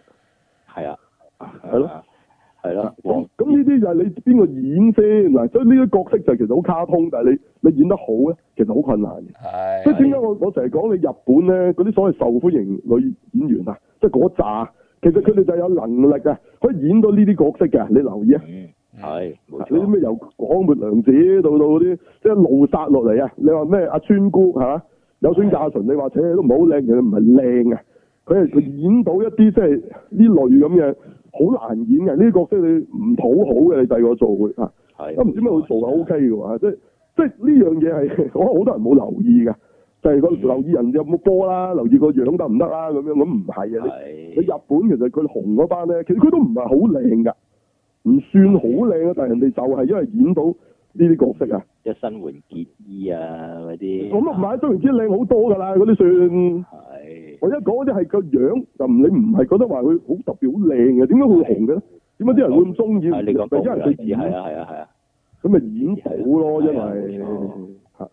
係啊。係咯。係啦，咁呢啲就係你邊個演先嗱，所以呢啲角色就係其實好卡通，但係你你演得好咧，其實好困難嘅。係，即係點解我我成日講你日本咧嗰啲所謂受歡迎女演員啊，即係嗰扎，其實佢哋就有能力啊，可以演到呢啲角色嘅。你留意啊，係，你啲咩由廣末涼子到到嗰啲，即係露殺落嚟啊。你話咩阿村姑係有村架純，你話，切都唔好靚，其實唔係靚啊，佢係佢演到一啲 即係呢類咁嘅。好難演嘅呢啲角色你唔討，你唔討好嘅，你第二個做會啊？係都唔知咩會做係 O K 嘅喎，即係即係呢樣嘢係我好多人冇留意嘅，就係、係嗰個、嗯、留意人有冇波啦，留意個樣得唔得啦，咁樣咁唔係啊？你，你日本其實佢紅嗰班咧，其實佢都唔係好靚噶，唔算好靚啊，但係人哋就係因為演到。呢啲角色啊，即係新垣結衣啊，嗰啲，咁啊唔係啊，張之，靚好多噶啦，嗰啲算係。我一講嗰啲係個樣就你唔係覺得話佢好特別好靚嘅？點解會紅嘅咧？點解啲人會咁中意？係啊，啊，啊，啊，啊，啊，啊，你講得有理。係啊，係啊，咁咪演好咯，因為吓。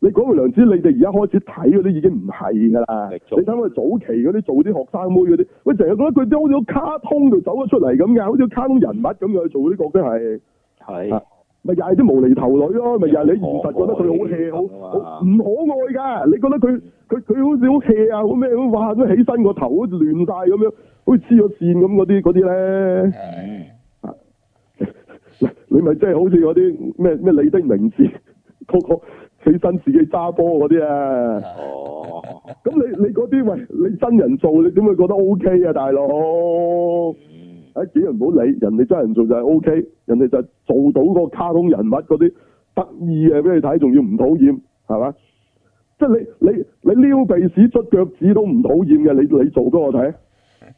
你講完良知，你哋而家開始睇嗰啲已經唔係噶啦。你睇我早期嗰啲做啲學生妹嗰啲，喂，成日覺得佢啲好似卡通度走咗出嚟咁嘅，好似卡通人物咁樣去做啲角色係。係。啊咪又係啲無厘頭女咯，咪又係你現實覺得佢好 hea 好唔可愛噶？你覺得佢佢佢好似好 hea 呀，啊？好咩？咁哇咁起身個頭好似亂晒咁樣， 好似黐咗線咁嗰啲嗰啲咧。你咪真係好似嗰啲咩咩你的名字，治，個個起身自己揸波嗰啲啊。哦，咁 你你嗰啲喂，你真人做你點會覺得 O、OK、K 啊，大佬？誒，幾人唔好理，人哋真人做就係 O K，人哋就做到個卡通人物嗰啲得意嘅，俾你睇，仲要唔討厭，係嘛？即係你你你撩鼻屎捽腳趾都唔討厭嘅，你你做俾我睇，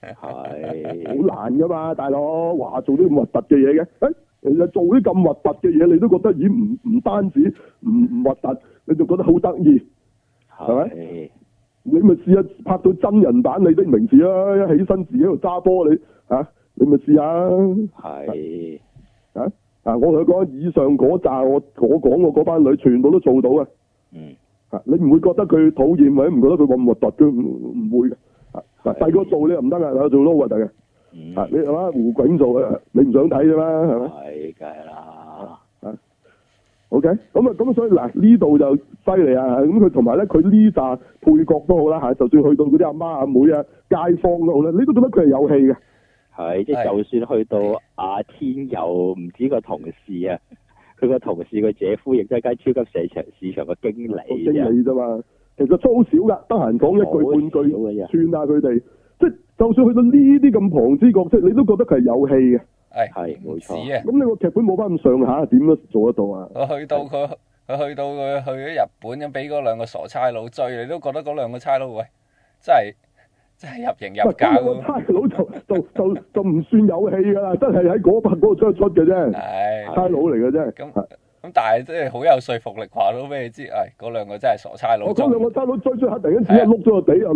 係好、啊、難噶嘛，大佬話做啲咁核突嘅嘢嘅，誒、欸，又做啲咁核突嘅嘢，你都覺得咦唔唔單止唔唔核突，你就覺得好得意，係咪？你咪試下拍到真人版你的名字，你都唔明事啦，起身自己度揸波你啊！你咪試下，係啊？嗱，我同佢講以上嗰扎，我我講過嗰班女全部都做到嘅。嗯，吓、啊、你唔會覺得佢討厭，或者唔覺得佢咁核突？佢唔唔會嘅。細個、啊、做你又唔得噶，做都核突嘅。你係嘛胡鬼做嘅，你唔想睇啫嘛，係咪？係梗係啦，啊，OK，咁啊，咁所以嗱呢度就犀利啊！咁佢同埋咧，佢呢扎配角都好啦吓，就算去到嗰啲阿媽阿妹啊、街坊都好啦，你都覺得佢係有戲嘅。係，即係就算去到阿天佑唔止個同事啊，佢個同事個 姐夫亦都係一間超級市場市場個經理經理咋嘛，其實都好少噶，得閒講一句半句，串下佢哋，即係就算去到呢啲咁旁枝角色，你都覺得佢係有戲啊。係，係冇事啊。咁你個劇本冇翻咁上下，點樣做得到啊？我去到佢，佢去到佢去咗日本咁，俾嗰兩個傻差佬追，你都覺得嗰兩個差佬喂，真係。真係入型入格，差佬、那個、就就就就唔算有戲㗎啦，真係喺嗰筆嗰張出嘅啫，差佬嚟嘅啫。咁咁但係真係好有說服力，話俾你知，誒、哎、嗰兩個真係傻差佬。嗰兩個差佬追追下突然之間碌咗個地又，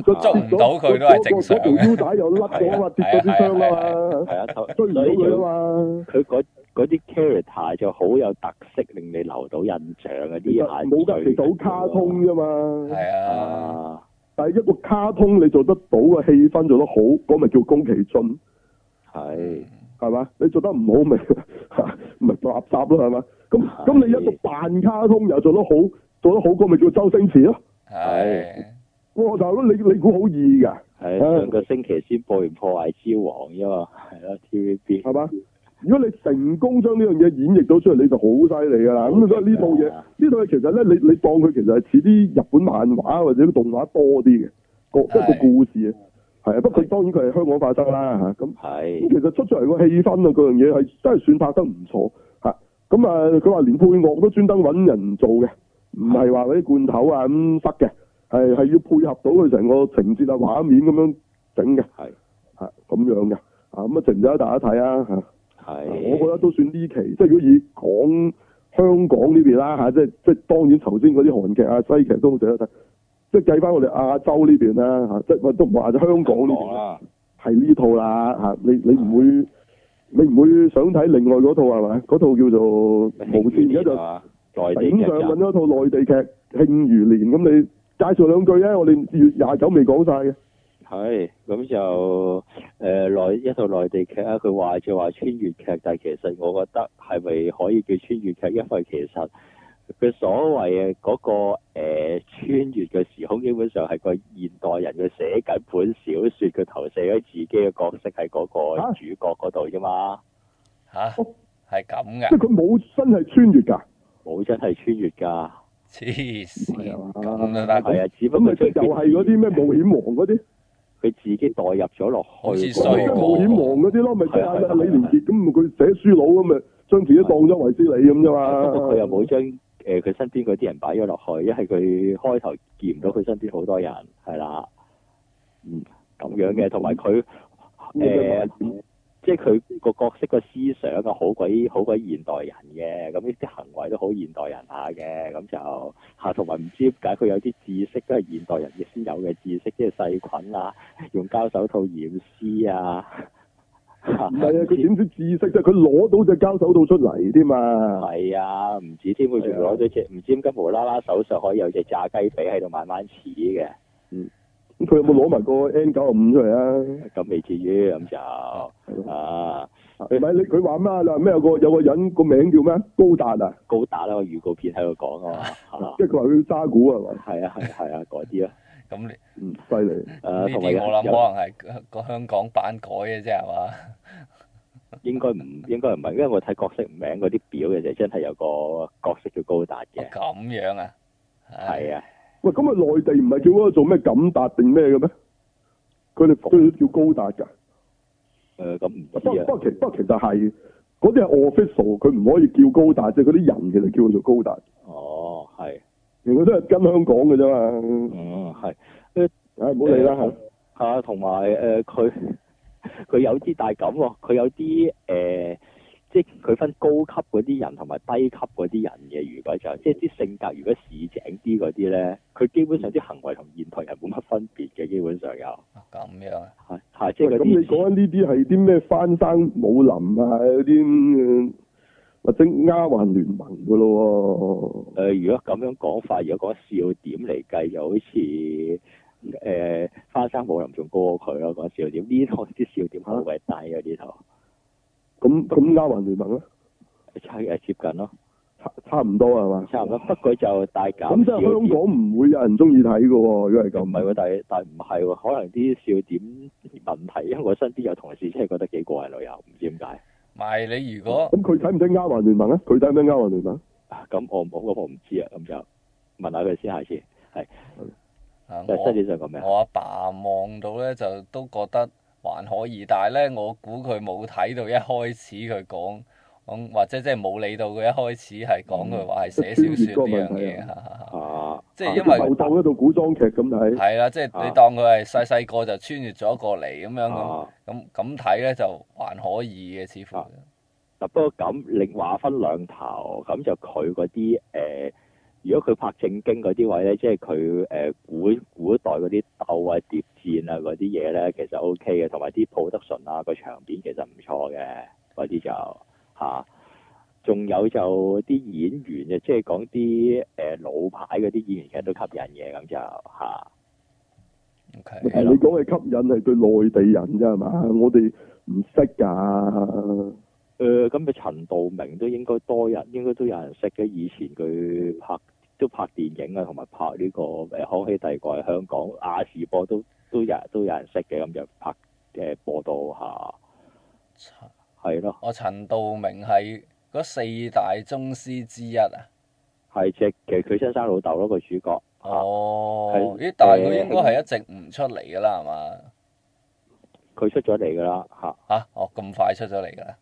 捉捉唔到佢都係正常。條腰帶又甩咗啊嘛，跌咗啲傷啊嘛，追唔到佢啊嘛。佢嗰啲 character 就好有特色，令你留到印象嗰啲冇得食到卡通啫嘛。係啊。但係一個卡通你做得到嘅氣氛做得好，咁咪叫宮崎駿，係，係嘛？你做得唔好咪，咪 垃圾咯，係嘛？咁咁你一個扮卡通又做得好，做得好，咁咪叫周星馳咯，係。我嗱，哦，但你你估好易噶？係上個星期先播完《破壞之王》啫嘛，係咯，TVB，係嘛？如果你成功將呢樣嘢演繹到出嚟，你就好犀利㗎啦。咁所以呢套嘢，呢套嘢其實咧，你你當佢其實係似啲日本漫畫或者啲動畫多啲嘅個即係個故事啊，係啊。不過當然佢係香港發生啦嚇咁。係其實出出嚟個氣氛啊，嗰樣嘢係真係算拍得唔錯嚇。咁、嗯、啊，佢話連配樂都專登揾人做嘅，唔係話嗰啲罐頭啊咁、嗯、塞嘅，係係要配合到佢成個情節啊、畫面咁樣整嘅。係係咁樣嘅啊咁啊，情節、啊啊、大家睇啊嚇。係， 我覺得都算呢期，即係如果以講香港呢邊啦，即係即係當然頭先嗰啲韓劇啊、西劇都好值得睇，即係計翻我哋亞洲呢邊啦，即係都唔話咗香港呢邊係呢套啦，你你唔會你唔會想睇另外嗰套係咪？嗰套叫做《無線》而家就影上搵咗套內地劇《慶餘年》，咁你介紹兩句咧，我哋二月廿九未講晒嘅。係，咁就誒內、呃、一套內地劇啊，佢話就話穿越劇，但係其實我覺得係咪可以叫穿越劇？因為其實佢所謂嘅、那、嗰個穿、呃、越嘅時空，基本上係個現代人嘅寫緊本小説，佢投射喺自己嘅角色喺嗰個主角嗰度啫嘛。嚇，係咁嘅。即係佢冇真係穿越㗎。冇真係穿越㗎，黐線啊！咁、哦、啊，係啊，啊，啊，只不過又係嗰啲咩冒險王嗰啲。 佢自己代入咗落去，即係冒險王嗰啲咯，咪即係阿李連杰咁，佢寫書佬咁，咪將自己當咗衛斯理咁啫嘛。佢又冇將誒佢身邊嗰啲人擺咗落去，一係佢開頭見唔到佢身邊好多人，係啦，嗯，咁樣嘅，同埋佢誒。嗯呃即係佢個角色嘅思想個好鬼好鬼現代人嘅，咁呢啲行為都好現代人下嘅，咁就吓同埋唔知點解佢有啲知識都係現代人亦先有嘅知識，即係細菌啊，用膠手套染屍啊，吓唔係啊？佢點知他知，知識啫？佢攞到隻膠手套出嚟添嘛？係啊，唔止添，佢仲攞咗隻，唔、啊、知點解無啦啦手上可以有隻炸雞髀喺度慢慢黐嘅，嗯。咁佢有冇攞埋個 N 九五出嚟 啊？咁未至於，咁就啊，唔係你佢話咩？嗱咩有個有個人個名叫咩？高達啊，高達啦，啊，個預告片喺度講啊即係佢話佢要揸鼓啊嘛，係啊係係啊改啲咯。咁，啊啊， 你唔犀利。誒，同埋，啊，我諗可能係個香港版改嘅啫，係 嘛？應該唔應該唔係，因為我睇角色名嗰啲表嘅就真係有個角色叫高達嘅。咁樣啊？係啊。喂，咁啊，內地唔係叫嗰個做咩？敢達定咩嘅咩？佢哋佢都叫高達㗎。誒、呃，咁、嗯、不、啊、不其不其實係嗰啲係 official，佢唔可以叫高達，即係嗰啲人其實叫做高達。哦，係，原來都係跟香港嘅啫嘛。嗯，係。唔好理啦，係。啊、呃，同埋誒，佢佢有啲、呃、大感喎，佢有啲誒。呃即係佢分高級嗰啲人同埋低級嗰啲人嘅。如果就係即係啲性格，如果市井啲嗰啲咧，佢基本上啲行為同現代人冇乜分別嘅。基本上有。咁樣係、啊、係、啊、即係咁。你講緊呢啲係啲咩翻生武林啊？嗰啲或者丫鬟聯盟㗎咯。誒、呃，如果咁樣講法，如果講笑點嚟計，就好似誒翻生武林仲高過佢咯。講笑點呢套啲笑點好鬼低㗎呢套。啊咁咁亞運聯盟咧，差嘅係接近咯，差差唔多係嘛？差唔多，不過就大減。咁、嗯、香港唔會有人中意睇嘅喎，如果咁唔係喎，但係但係唔係喎，可能啲笑點問題，因為我身邊有同事真係覺得幾過癮咯，又唔知點解。唔係你如果咁佢睇唔睇亞運聯盟啊？佢睇唔睇亞運聯盟，咁我唔我我唔知啊，咁就問下佢先，下次係。喺實就上咁樣，我阿爸望到咧就都覺得。還可以，但係咧，我估佢冇睇到一開始佢講，或者即係冇理到佢一開始係講佢話係寫小說呢樣嘢，即、這、係、個啊， 啊啊、因為又做一套古裝劇咁就係，係啦，即係你當佢係細細個就穿越咗過嚟咁樣咁咁睇咧就還可以嘅似乎、啊。嗱、啊、不過咁另話分兩頭，咁就佢嗰啲誒。呃如果佢拍正經嗰啲位咧，即係佢誒古古代嗰啲鬥啊、諜戰啊嗰啲嘢咧，其實 O K 嘅，同埋啲 production 啊個場面其實唔錯嘅，或者就嚇，仲、啊、有就啲演員啊，即係講啲誒老牌嗰啲演員其實都吸引嘅，咁就嚇。啊、o、okay, K。你講嘅吸引係對內地人啫係嘛？我哋唔識㗎。誒、呃，咁嘅陳道明都應該多人，應該都有人識嘅。以前佢拍都拍電影啊，同埋拍呢、這個誒，康熙帝國香港亞視播都都有都有人，都有人識嘅。咁樣拍嘅播到下，係、啊、咯。我陳道明係嗰四大宗師之一啊。係即其實佢親生老豆咯，個主角。哦。係，但係佢應該係一直唔出嚟噶啦，係嘛？佢出咗嚟噶啦，吓吓，哦，咁、呃啊啊哦、快出咗嚟噶。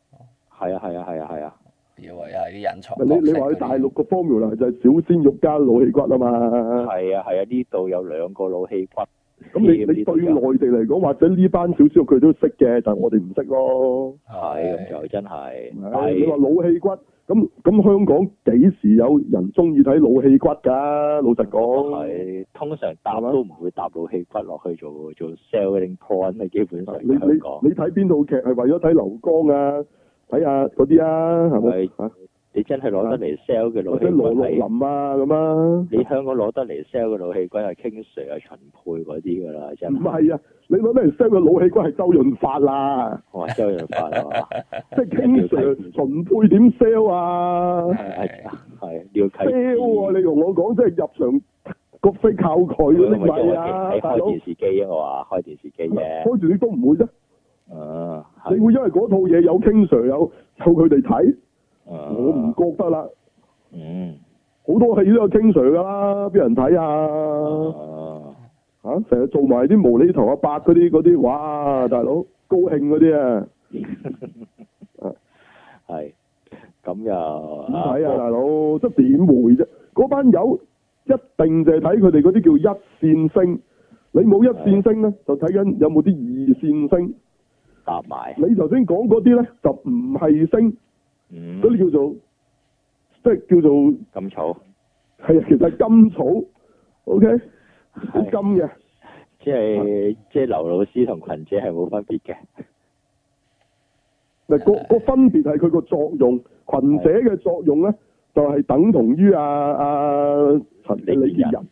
係啊，係啊，係啊，係啊。是你話有啲隱藏，你你話去大陸個 formula 就係小鮮肉加老戲骨啊嘛。係啊，係啊，呢度有兩個老戲骨。咁你你對內地嚟講，或者呢班小鮮肉佢都識嘅， 但係我哋唔識咯。係，咁就真係。你話老戲骨咁咁，香港幾時有人中意睇老戲骨噶？老實講，通常搭都唔會搭老戲骨落去做去做 selling point 嘅，基本上。你你你睇邊套劇係為咗睇劉江啊？睇下嗰啲啊，係咪、啊啊啊？你真係攞得嚟 sell 嘅老氣鬼，羅樂林啊咁啊！你香港攞得嚟 sell 嘅老氣鬼係 King Sir 啊秦沛嗰啲㗎啦，真唔係啊！你攞得嚟 sell 嘅老氣鬼係周潤發啦。哇，周潤發啊，即係 King Sir 秦沛點 sell 啊？係係，要、就、睇、是。sell 你同我講，即係入場局非靠佢㗎，你咪啊！開電視機啊，我話開電視機啫，開住你都唔會啫、啊。啊、uh,！你會因為嗰套嘢有傾 Sir 有有佢哋睇，uh, 我唔覺得啦。嗯、uh, mm,，好多戲都有傾 Sir 噶啦，畀人睇啊？啊、uh,，成日做埋啲無厘頭阿伯嗰啲嗰啲，哇！大佬高興嗰啲啊，係咁又點睇啊？大佬即係點回啫？嗰班友一定就睇佢哋嗰啲叫一線星，你冇一線星咧，就睇緊有冇啲二線星。Uh, 嗯搭埋，你頭先講嗰啲咧就唔係星，嗰啲叫做即係、即係、叫做甘草，係啊，其實是甘草 ，O、OK? K，甘嘅，即係即係劉老師同群姐係冇分別嘅，嗱、 嗰個、嗰個分別係佢個作用，群姐嘅作用咧就係等同於阿阿陳李杰仁，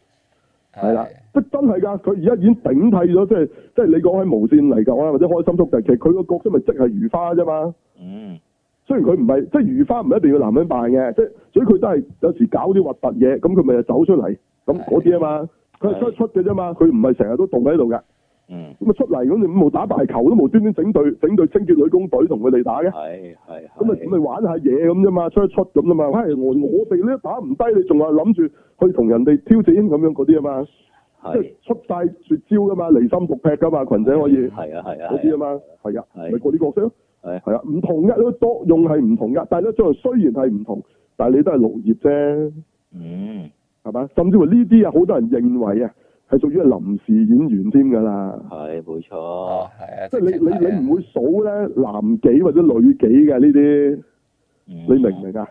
係、啊、啦。即真係㗎，佢而家已經頂替咗，即係即係你講喺無線嚟㗎啦，或者開心速遞，其實佢個角色咪即係如花啫嘛。嗯。雖然佢唔係，即係如花唔一定要男人扮嘅，即係所以佢都係有時搞啲核突嘢，咁佢咪就走出嚟，咁嗰啲啊嘛，佢係出一出嘅啫嘛，佢唔係成日都棟喺度嘅。嗯。咁啊出嚟，咁你無打排球都無端端整隊整隊清潔女工隊同佢哋打嘅。係係。咁啊咁咪玩下嘢咁啫嘛，出一出咁啫嘛，唉我我哋呢打唔低，你仲話諗住去同人哋挑戰咁樣嗰啲啊嘛？即係出晒雪招噶嘛，離心獨劈噶嘛，群仔可以係啊係啊，啲啊嘛，係啊，咪啲角色咯，係係啊，唔同嘅，都多用係唔同噶，但係咧，雖然係唔同，但係你都係綠葉啫，嗯，係嘛，甚至乎呢啲啊，好多人認為啊，係屬於係臨時演員添噶啦，係冇錯，即係你你你唔會數咧男幾或者女幾嘅呢啲，你明唔明啊？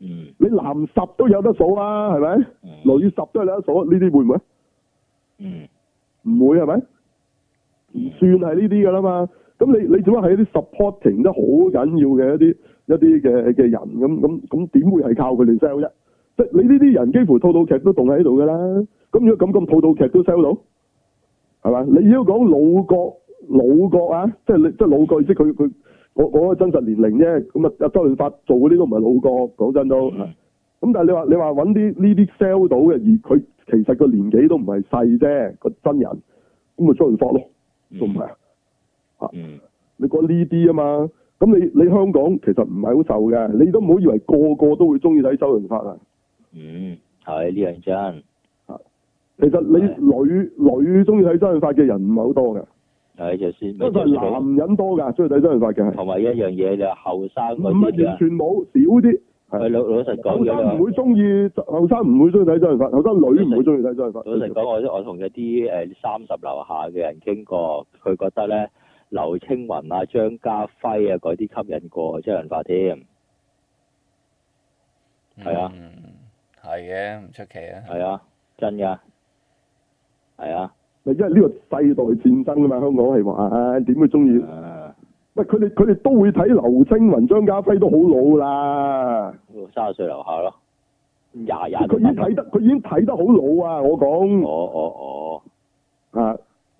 嗯，你男十都有得數啊，係咪、嗯？女十都係有得數，呢啲會唔會？嗯，唔會係咪？唔算係呢啲噶啦嘛。咁你你做乜係一啲 supporting 得好緊要嘅一啲一啲嘅嘅人咁咁咁點會係靠佢哋 sell 啫？即係你呢啲人幾乎套套劇都凍喺度噶啦。咁如果咁咁套套劇都 sell 到，係嘛？你要講老角老角啊，即係你即係即係即係老角即係佢佢真實年齡啫。咁啊，阿周潤發做嗰啲都唔係老角，講真都。嗯咁但係你話你話搵啲呢啲 sell 到嘅，而佢其實個年紀都唔係細啫，個真人，咁咪周潤發咯，嗯、都唔係、嗯、啊，吓，你講呢啲啊嘛，咁你你香港其實唔係好受嘅，你都唔好以為個個，個都會中意睇周潤發啊，嗯，係呢樣真，其實你女、嗯、女中意睇周潤發嘅人唔係好多㗎。係、嗯，就算、不過，都係男人多噶，中意睇周潤發嘅，同埋一樣嘢就後生，唔係、啊、完全冇，少啲。老老實講，後生唔會中意，後生唔會中意睇周潤發，後生女唔會中意睇周潤發。老實講，我我同一啲誒三十樓下嘅人傾過，佢覺得咧劉青雲啊、張家輝啊嗰啲吸引過周潤發添。係、嗯、啊，係嘅，唔出奇啊。係啊，真噶。係啊，你因為呢個世代戰爭啊嘛，香港係嘛啊？點會中意？唔佢哋，佢哋都會睇劉青雲、張家輝都好老啦，卅歲樓下咯，廿廿，佢已經睇得，佢已經睇得好老啊！我講，哦哦哦，啊，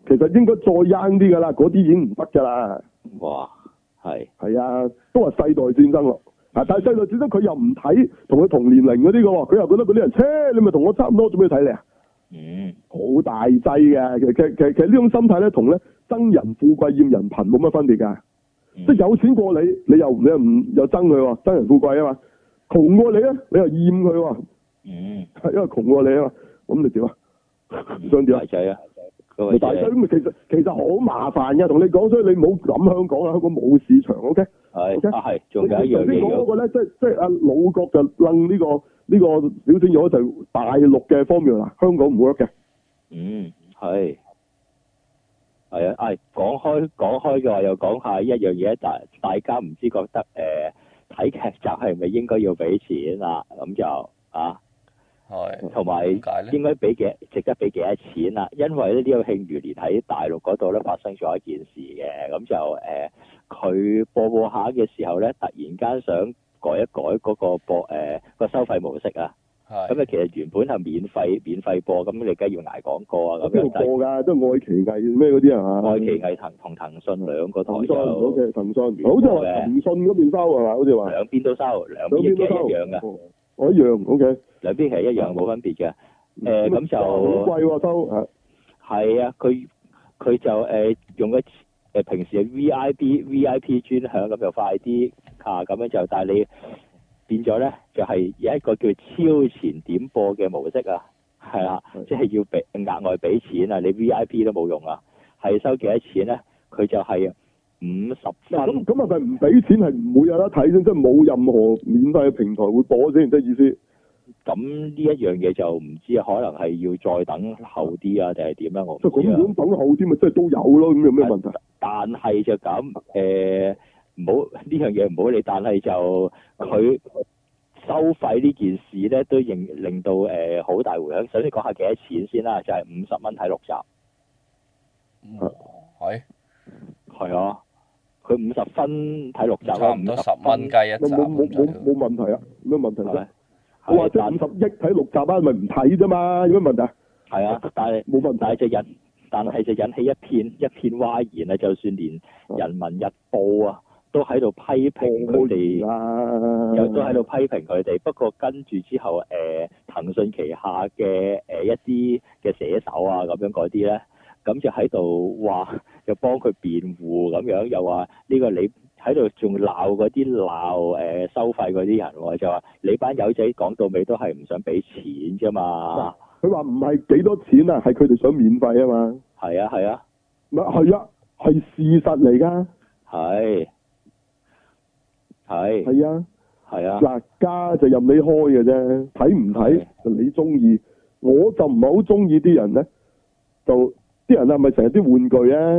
其實應該再 young 啲噶啦，嗰啲已經唔得噶啦。哇，係係啊，都話世代戰爭咯，啊，但係世代戰爭佢又唔睇，同佢同年齡嗰啲個，佢又覺得嗰啲人，車、欸、你咪同我差唔多，做咩睇你啊？嗯，好大劑嘅，其實其實其實其實呢種心態咧，同咧憎人富貴厭人貧冇乜分別噶。嗯、即係有錢過你，你又你又唔又憎佢喎，憎人富貴啊嘛，窮過你咧，你又厭佢喎，嗯，因為窮過你啊嘛，咁你點啊？嗯、 想點啊，大仔啊，大仔咁、啊、其實其實好麻煩嘅，同你講，所以你唔好諗香港啦，香港冇市場，OK，OK，、okay? okay? 啊係，一樣頭先講嗰個咧，即係即係阿老國就諗呢個呢、呢個表徵咗就大陸嘅方面啦，香港唔 work 嘅。嗯，係。係啊，唉，講開講開嘅話，又講一下一樣嘢，就大家唔知覺得誒睇、呃、劇集係咪應該要俾錢啦？咁就啊，係，同埋點解咧？應該俾幾值得俾幾多錢啦、啊？因為咧呢個慶餘年喺大陸嗰度咧發生咗一件事嘅，咁就誒佢、呃、播播下嘅時候咧，突然間想改一改嗰個播誒、呃那個收費模式啊。係咁啊！其實原本係免費免費播，咁你梗係要挨廣告啊！咁樣播噶？都係愛奇藝咩嗰啲啊？嘛，愛奇藝騰同騰訊兩個都收騰好似騰訊嗰邊收係嘛？好似話兩邊都收，兩邊都收一樣一樣，哦，我一樣，O K，兩邊其實一樣冇分別嘅。誒、 欸，咁就好貴喎，收係、呃、啊，佢佢就誒用一誒平時嘅 V I P V I P 專享咁就快啲吓，咁樣就但係你。變咗咧，就係有一個叫超前點播嘅模式啊，係啦、就是，即係要俾額外俾錢啊，你 V I P 都冇用啊，係收幾多錢咧？佢就係五十。嗱咁咁啊，係唔俾錢係唔會有得睇先，即係冇任何免費嘅平台會播先，即係意思。咁呢一樣嘢就唔知道，可能係要再等後啲啊，定係點咧？我點啊？咁、啊、等後啲咪即係都有咯？咁有咩問題？但係就咁誒。呃唔好呢樣嘢唔好理，但係就佢收費呢件事咧，都引令到誒好、呃、大回響。首先講下幾多錢先啦，就係五十蚊睇六集。係、嗯、係、哎、啊，佢五十分睇六，、啊啊啊、六集啊，五十蚊雞一集啊，冇冇冇冇問題啊？咩、啊、問題啊？我話五十億睇六集啊，咪唔睇啫嘛？有咩問題啊？係啊，但係冇問題。就引，但係就引起一片一片嘩然啊！就算連人民日報啊。都喺度批評佢哋、啊，又都喺度批評佢哋。不過跟住之後，誒、呃、騰訊旗下嘅誒、呃、一啲嘅寫手啊，咁樣嗰啲咧，咁就喺度話，又幫佢辯護咁樣，又話呢、呢個你喺度仲鬧嗰啲鬧誒收費嗰啲人，就話你班友仔講到尾都係唔想俾錢啫嘛。佢話唔係幾多錢啊，係佢哋想免費啊嘛。係啊係啊，咪係啊係、啊、事實嚟㗎。係。係係啊，係啊，嗱、啊，家就任你開嘅啫，睇唔睇就你中意，啊，我就唔係好中意啲人咧，就啲人啊，咪成日啲玩具啊，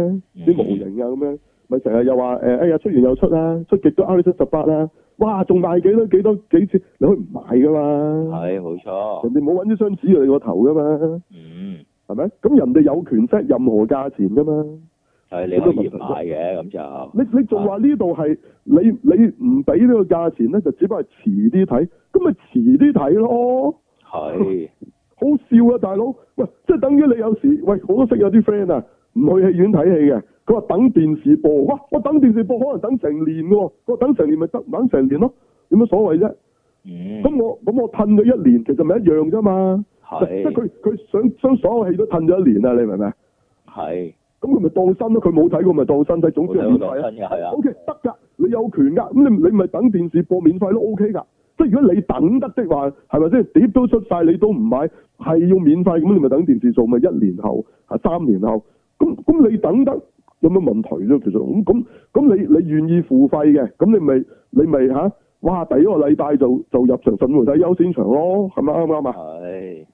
啲、嗯、模型啊咁樣，咪成日又話誒，哎、欸、呀，出完又出啊，出極都 out 出十八啦，哇，仲賣幾多幾多幾次，你可以唔買噶嘛，係，啊，冇錯，人哋冇搵啲雙子入你個頭噶嘛，嗯，係咪？咁人哋有權 set 任何價錢噶嘛。係你都唔買嘅咁就，你你仲話呢度係你你唔俾呢個價錢咧，就只不過係遲啲睇，咁咪遲啲睇咯。係、嗯，好笑啊，大佬，喂，即係等於你有時。喂，我都識有啲 friend 啊，唔去戲院睇戲嘅，佢話等電視播，哇，我等電視播可能等成年嘅、啊，等年等年啊啊嗯、我等成年咪得，等成年咯，有乜所謂啫？咁我咁我褪咗一年，其實咪一樣啫嘛。係，即係佢佢想將所有戲都褪咗一年啊，你明唔明？係。咁佢咪當新咯，佢冇睇過咪當新睇，總之免費啊，係啊，O K 得噶，你有權噶，咁你你咪等電視播免費咯，O K 噶，即係如果你等得的話，係咪先？碟都出晒，你都唔買，係要免費咁，你咪等電視做咪一年後，係三年後，咁咁你等得有咩問題啫？其實咁咁咁你你願意付費嘅，咁你咪你咪吓？哇！第一個禮拜就就入場進門睇優先場咯，係咪啱啱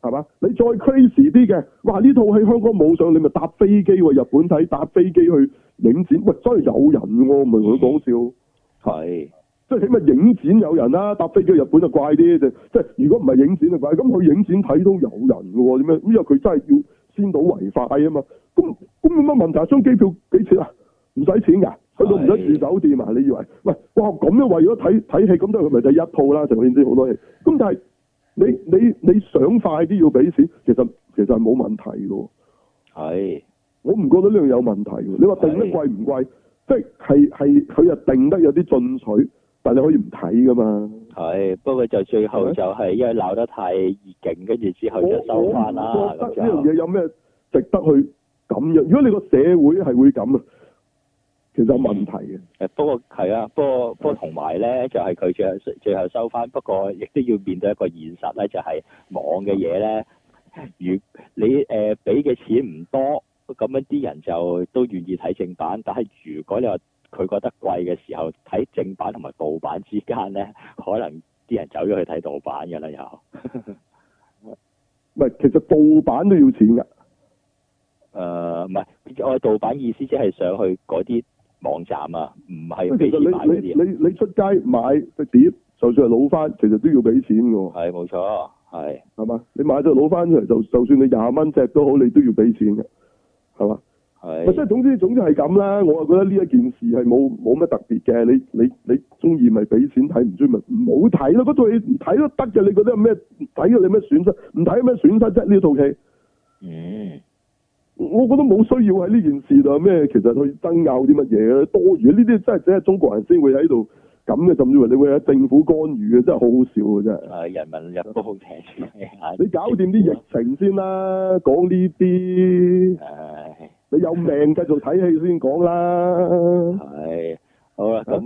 啊？嘛？你再 case 啲嘅，哇！呢套喺香港冇上，你咪搭飛機喎、啊、日本睇，搭飛機去影展，喂，真係有人喎、啊，唔係佢講笑。係，即係起碼影展有人啦、啊，搭飛機去日本就怪啲啫。即係如果唔係影展就怪，咁去影展睇都有人喎，點樣？因為佢真係要先睹為快啊嘛。咁咁有乜問題？張機票幾錢啊？唔使錢㗎、啊。佢都唔使住酒店啊！你以為？喂，哇咁樣為咗睇睇戲咁，都係咪就第一套啦？成件事好多嘢，咁但係你你你想快啲要俾錢，其實其實係冇問題嘅。係，我唔覺得呢樣有問題。你話定得貴唔貴？即係佢又定得有啲進取，但你可以唔睇噶嘛。係，不過就最後就係因為鬧得太熱勁，跟住之後就收翻啦。覺得呢樣嘢有咩值得去咁樣？如果你個社會係會咁啊？好多問題嘅、嗯。不過係啊，不過不過同埋咧，就係佢最後最後收翻。不過亦、就是、都要面對一個現實咧，就係、是、網嘅嘢咧。如你畀俾嘅錢唔多，咁樣啲人就都願意睇正版。但係如果你話佢覺得貴嘅時候，睇正版同埋盜版之間咧，可能啲人走咗去睇盜版噶啦又。唔係 其實盜版都要錢㗎。誒、呃，唔係，我係盜版意思，即係想去嗰啲網站啊，唔係其實你你你你出街買隻碟，就算係攞翻，其實都要俾錢噶。係冇錯，係係嘛？你買咗攞翻出嚟，就就算你廿蚊隻都好，你都要俾錢嘅，係嘛？係。咪即係總之總之係咁啦，我啊覺得呢一件事係冇冇乜特別嘅，你你你中意咪俾錢睇，唔中意咪唔好睇咯。套唔睇都得嘅，你覺得有咩睇咗你咩損失？唔睇咩損失啫？呢套戲。嗯。我覺得冇需要喺呢件事啊咩，其實去爭拗啲乜嘢嘅多餘，呢啲真係只係中國人先會喺度咁嘅，甚至乎你會喺政府干預，真係好好笑嘅。人民入都好平。你搞掂啲疫情先啦，講呢啲。你有命繼續睇戲先講啦。係，好啦，咁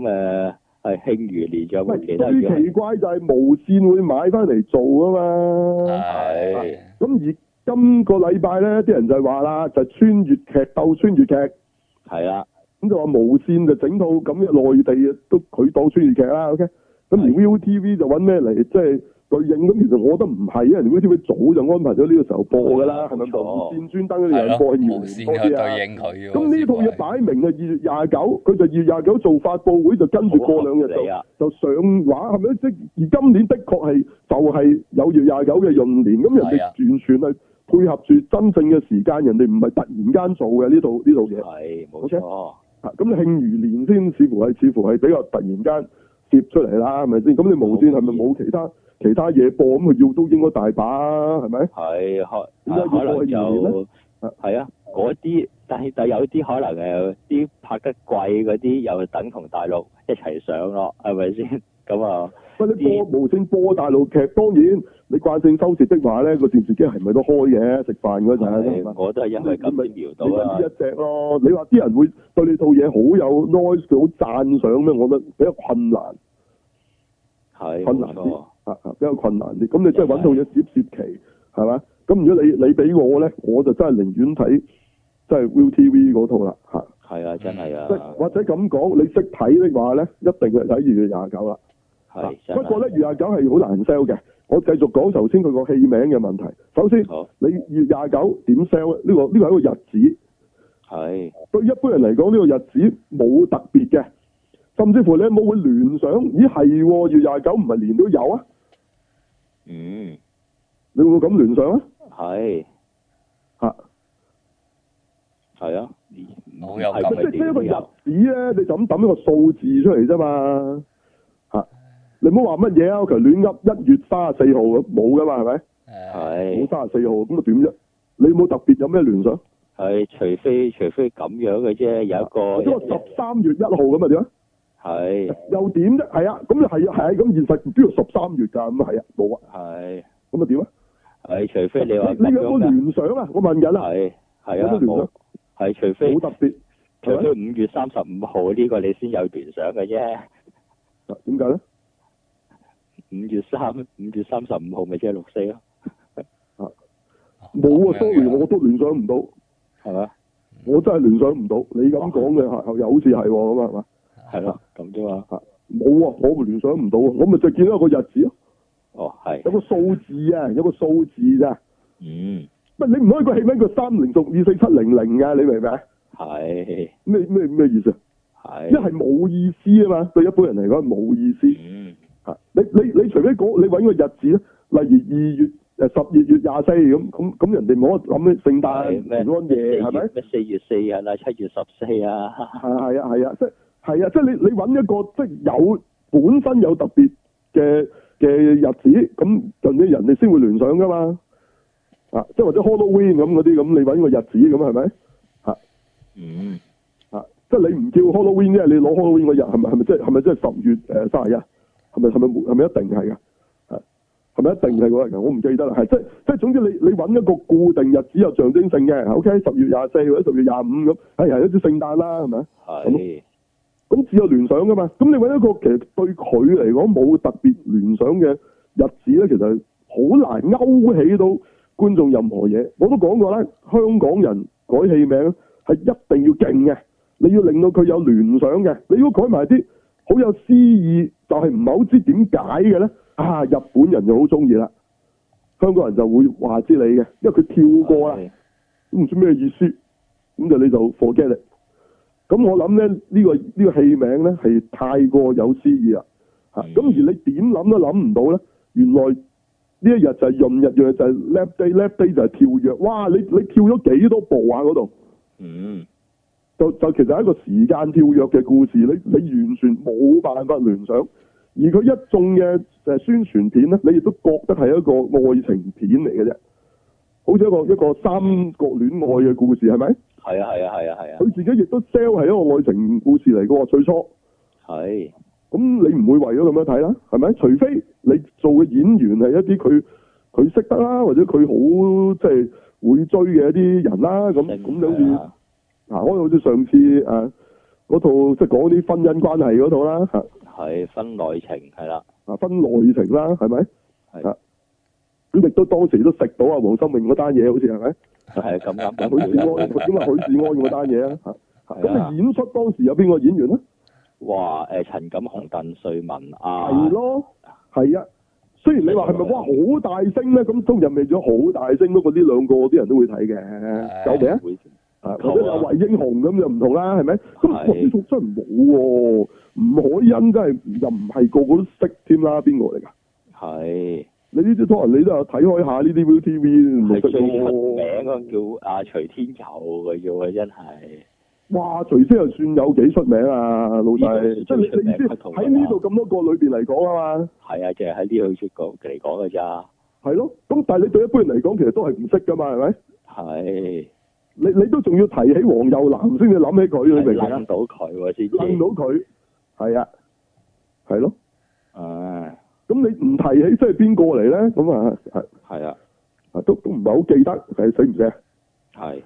係慶餘年仲有冇其他？最奇怪就係無線會買翻嚟做啊嘛。係。咁而。今個禮拜咧，啲人就係話啦，就穿、是、越劇鬥穿越劇，係啦、啊。咁就話無線就整套咁，內地都佢當穿越劇啦，OK、啊。咁而 ViuTV 就搵咩嚟，即、就、係、是、對應。咁其實我覺得唔係啊，ViuTV 早就安排咗呢個時候播㗎啦，係咪就無線專登啲人播越越，無線嘅對應佢。咁呢套嘢擺明啊，二月廿九，佢就二月廿九做發佈會，就跟住過兩日就、啊、就上畫，係咪？即而今年的確係就係有二月廿九嘅閏年，咁人哋完全係。配合住真正嘅時間，人哋唔係突然間做嘅呢度呢度嘢。係冇、okay? 錯。哦。啊，咁慶餘年先，似乎係似乎係比較突然間接出嚟啦，係咪先？咁你無線係咪冇其他其他嘢播？咁佢要都應該大把，係咪？係，可。應可能解係啊，嗰啲但係但有啲可能誒，啲拍得貴嗰啲又等同大陸一齊上咯，係咪先？咁啊，嗰你播無線播大陸劇當然，你慣性收視的話咧，個電視機係咪都開嘅？食飯嗰陣，我都係因為咁樣搖到呢一隻咯，你話啲人會對你套嘢好有 nice 好讚賞咩？我覺得比較困難，係困難比較困難啲。咁你真係揾套嘢接接期係嘛？咁如果你你俾我咧，我就真係寧願睇真係 ViuTV 嗰套啦嚇。係啊，真係啊，或者咁講，你識睇的話咧，一定係睇二月廿九啦。係，不過咧，二廿九係好難 sell 嘅。我繼續講頭先佢個戲名嘅問題。首先，你月廿九點 sell 呢個呢個係一個日子。係。對一般人嚟講，呢個日子冇特別嘅，甚至乎你有冇會聯想？咦，係月廿九唔係年都有啊？嗯。你會唔會咁聯想啊？係。吓。係啊。冇有咁。即係即係一個日子咧，你就咁抌一個數字出嚟啫嘛。你唔好話乜嘢啊！其實亂噏，一月三十四號冇噶嘛，係咪？係。冇三十四號咁啊點啫？你冇特別有咩聯想？係，除非除非咁樣嘅啫，有一個。呢個十三月一號咁啊點啊？係。又點啫？係啊，咁啊係啊，係啊，咁現實唔知十三月噶，咁啊係啊，冇啊。係。咁啊點啊？係，除非你話。呢個我聯想啊，我問緊啦。係。係啊。冇。係除非。好特別。除非五月三十五號呢個你先有聯想嘅啫、啊。點解咧？五月三，五月三十五號咪即係六四咯。冇啊，sorry，我都聯想唔到，係咪我真係聯想唔到，你咁講嘅又好似係咁啊，係、啊、嘛？係啦，咁啫嘛，冇啊，啊，我聯想唔到，啊。我咪就見到一個日子咯，哦，係，有個數字啊，有個數字咋，嗯，唔你唔可以叫個起名個三零六二四七零零噶，你明唔明啊？係咩咩咩意思啊？係一係冇意思啊嘛，對一般人嚟講係冇意思。嗯你你你除非你搵個日子咧，例如二月誒十二月廿四咁咁咁，人哋冇得諗咩聖誕平安夜係咪？四月四日，日啊，七月十四啊，係啊係啊，即係係啊，即係、啊啊啊啊啊、你你搵一個即係有本身有特別嘅嘅日子，咁人哋先會聯想噶嘛，啊，即係或者 Halloween 咁嗰啲咁，你搵個日子咁係咪？吓，嗯，即、啊、係、啊啊、你唔叫 Halloween 啫，你攞 Halloween 個日係咪係咪即係係咪即係十月誒卅一係咪係咪係咪一定係噶？係係咪一定係嗰個人？我唔記得啦。係即即，總之你你揾一個固定日子有象徵性嘅，OK？十月廿四或者十月廿五咁，哎呀，好似聖誕啦，係咪啊？係。咁只有聯想噶嘛？咁你揾一個其實對佢嚟講冇特別聯想嘅日子咧，其實好難勾起到觀眾任何嘢。我都講過咧，香港人改戲名係一定要勁嘅，你要令到佢有聯想嘅，你要改埋啲。好有詩意，就係唔係好知點解嘅咧？啊，日本人就好中意啦，香港人就會話知你嘅，因為佢跳過啦，都唔知咩意思，咁就你就 forget。咁我諗咧、這個，呢個呢個戲名咧係太過有詩意啦。嚇！咁而你點諗都諗唔到咧，原來呢一日就係閏日，閏日就係閏日，樣就係 leap day，leap day 就係跳躍。哇！你你跳咗幾多步啊？嗰度嗯。就就其實係一個時間跳躍嘅故事，你你完全冇辦法聯想，而佢一眾嘅宣傳片咧，你亦都覺得係一個愛情片嚟嘅啫，好似一個一個三角戀愛嘅故事係咪？係啊係啊係啊係啊！佢、啊啊啊、自己亦都 sell 係一個愛情故事嚟嘅喎最初。係。咁你唔會為咗咁樣睇啦，係咪？除非你做嘅演員係一啲佢佢識得啦，或者佢好即係會追嘅一啲人啦，咁咁樣。嗱、啊，好似上次誒，嗰、啊、套即係講啲婚姻關係嗰套啦，吓係分內情係啦，啊分內情啦，係咪？係啊，咁亦都當時都食到啊，黃心穎嗰單嘢，好似係咪？係啊，咁啊，許志安，今日許志安嗰單嘢啊，吓咁啊，演出當時有邊個演員咧？哇，誒、呃，陳錦鴻、鄧瑞文啊，係咯，係啊，雖然你話係咪哇好大聲咧，咁都任命咗好大聲，不過呢兩個啲人都會睇嘅，有冇佢啲英雄咁又唔同啦，係咪？咁我呢套真係冇喎。吳海欣真係又唔係個個都識添啦，邊個嚟噶？係你呢啲可能你都有睇開下呢啲 Viu TV，係最出名啊，叫阿徐天佑嘅啊真係。哇！徐天佑又算有幾出名啊，老細。即係你先喺呢度咁多個裏邊嚟講啊嘛。係啊，就係喺呢度出角嚟講㗎咋。係咯、啊，咁但係你對一般人嚟講，其實都係唔識噶嘛，係咪？係。你你都仲要提起黃又南先至諗起佢，你明唔明啊？諗到佢先，諗到佢係啊，係咯，咁你唔提起即係邊個嚟咧？咁啊，係係啊，啊，啊，啊，啊都都唔係好記得，死唔死啊？係，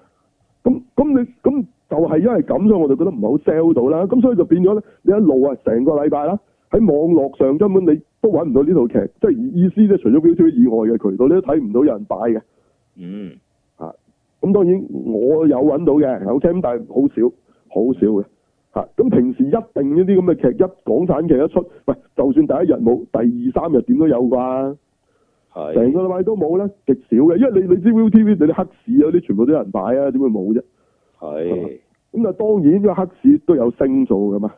咁咁你咁就係因為咁，所以我就覺得唔係好 sell 到啦。咁所以就變咗咧，你一路啊，成個禮拜啦，喺網絡上根本你都搵唔到呢套劇，即係意思呢，除咗 B 站以外嘅渠道，你都睇唔到有人擺嘅。嗯。咁當然我有揾到嘅，有聽，但係好少，好少嘅嚇。咁平時一定呢啲咁嘅劇，一港產劇一出，喂，就算第一日冇，第二三日點都有啩、啊。係，成個禮拜都冇咧，極少嘅，因為你你知 ViuTV 你啲黑市嗰啲全部都有人擺啊，點會冇啫？係。咁啊，當然因為黑市都有升做㗎嘛。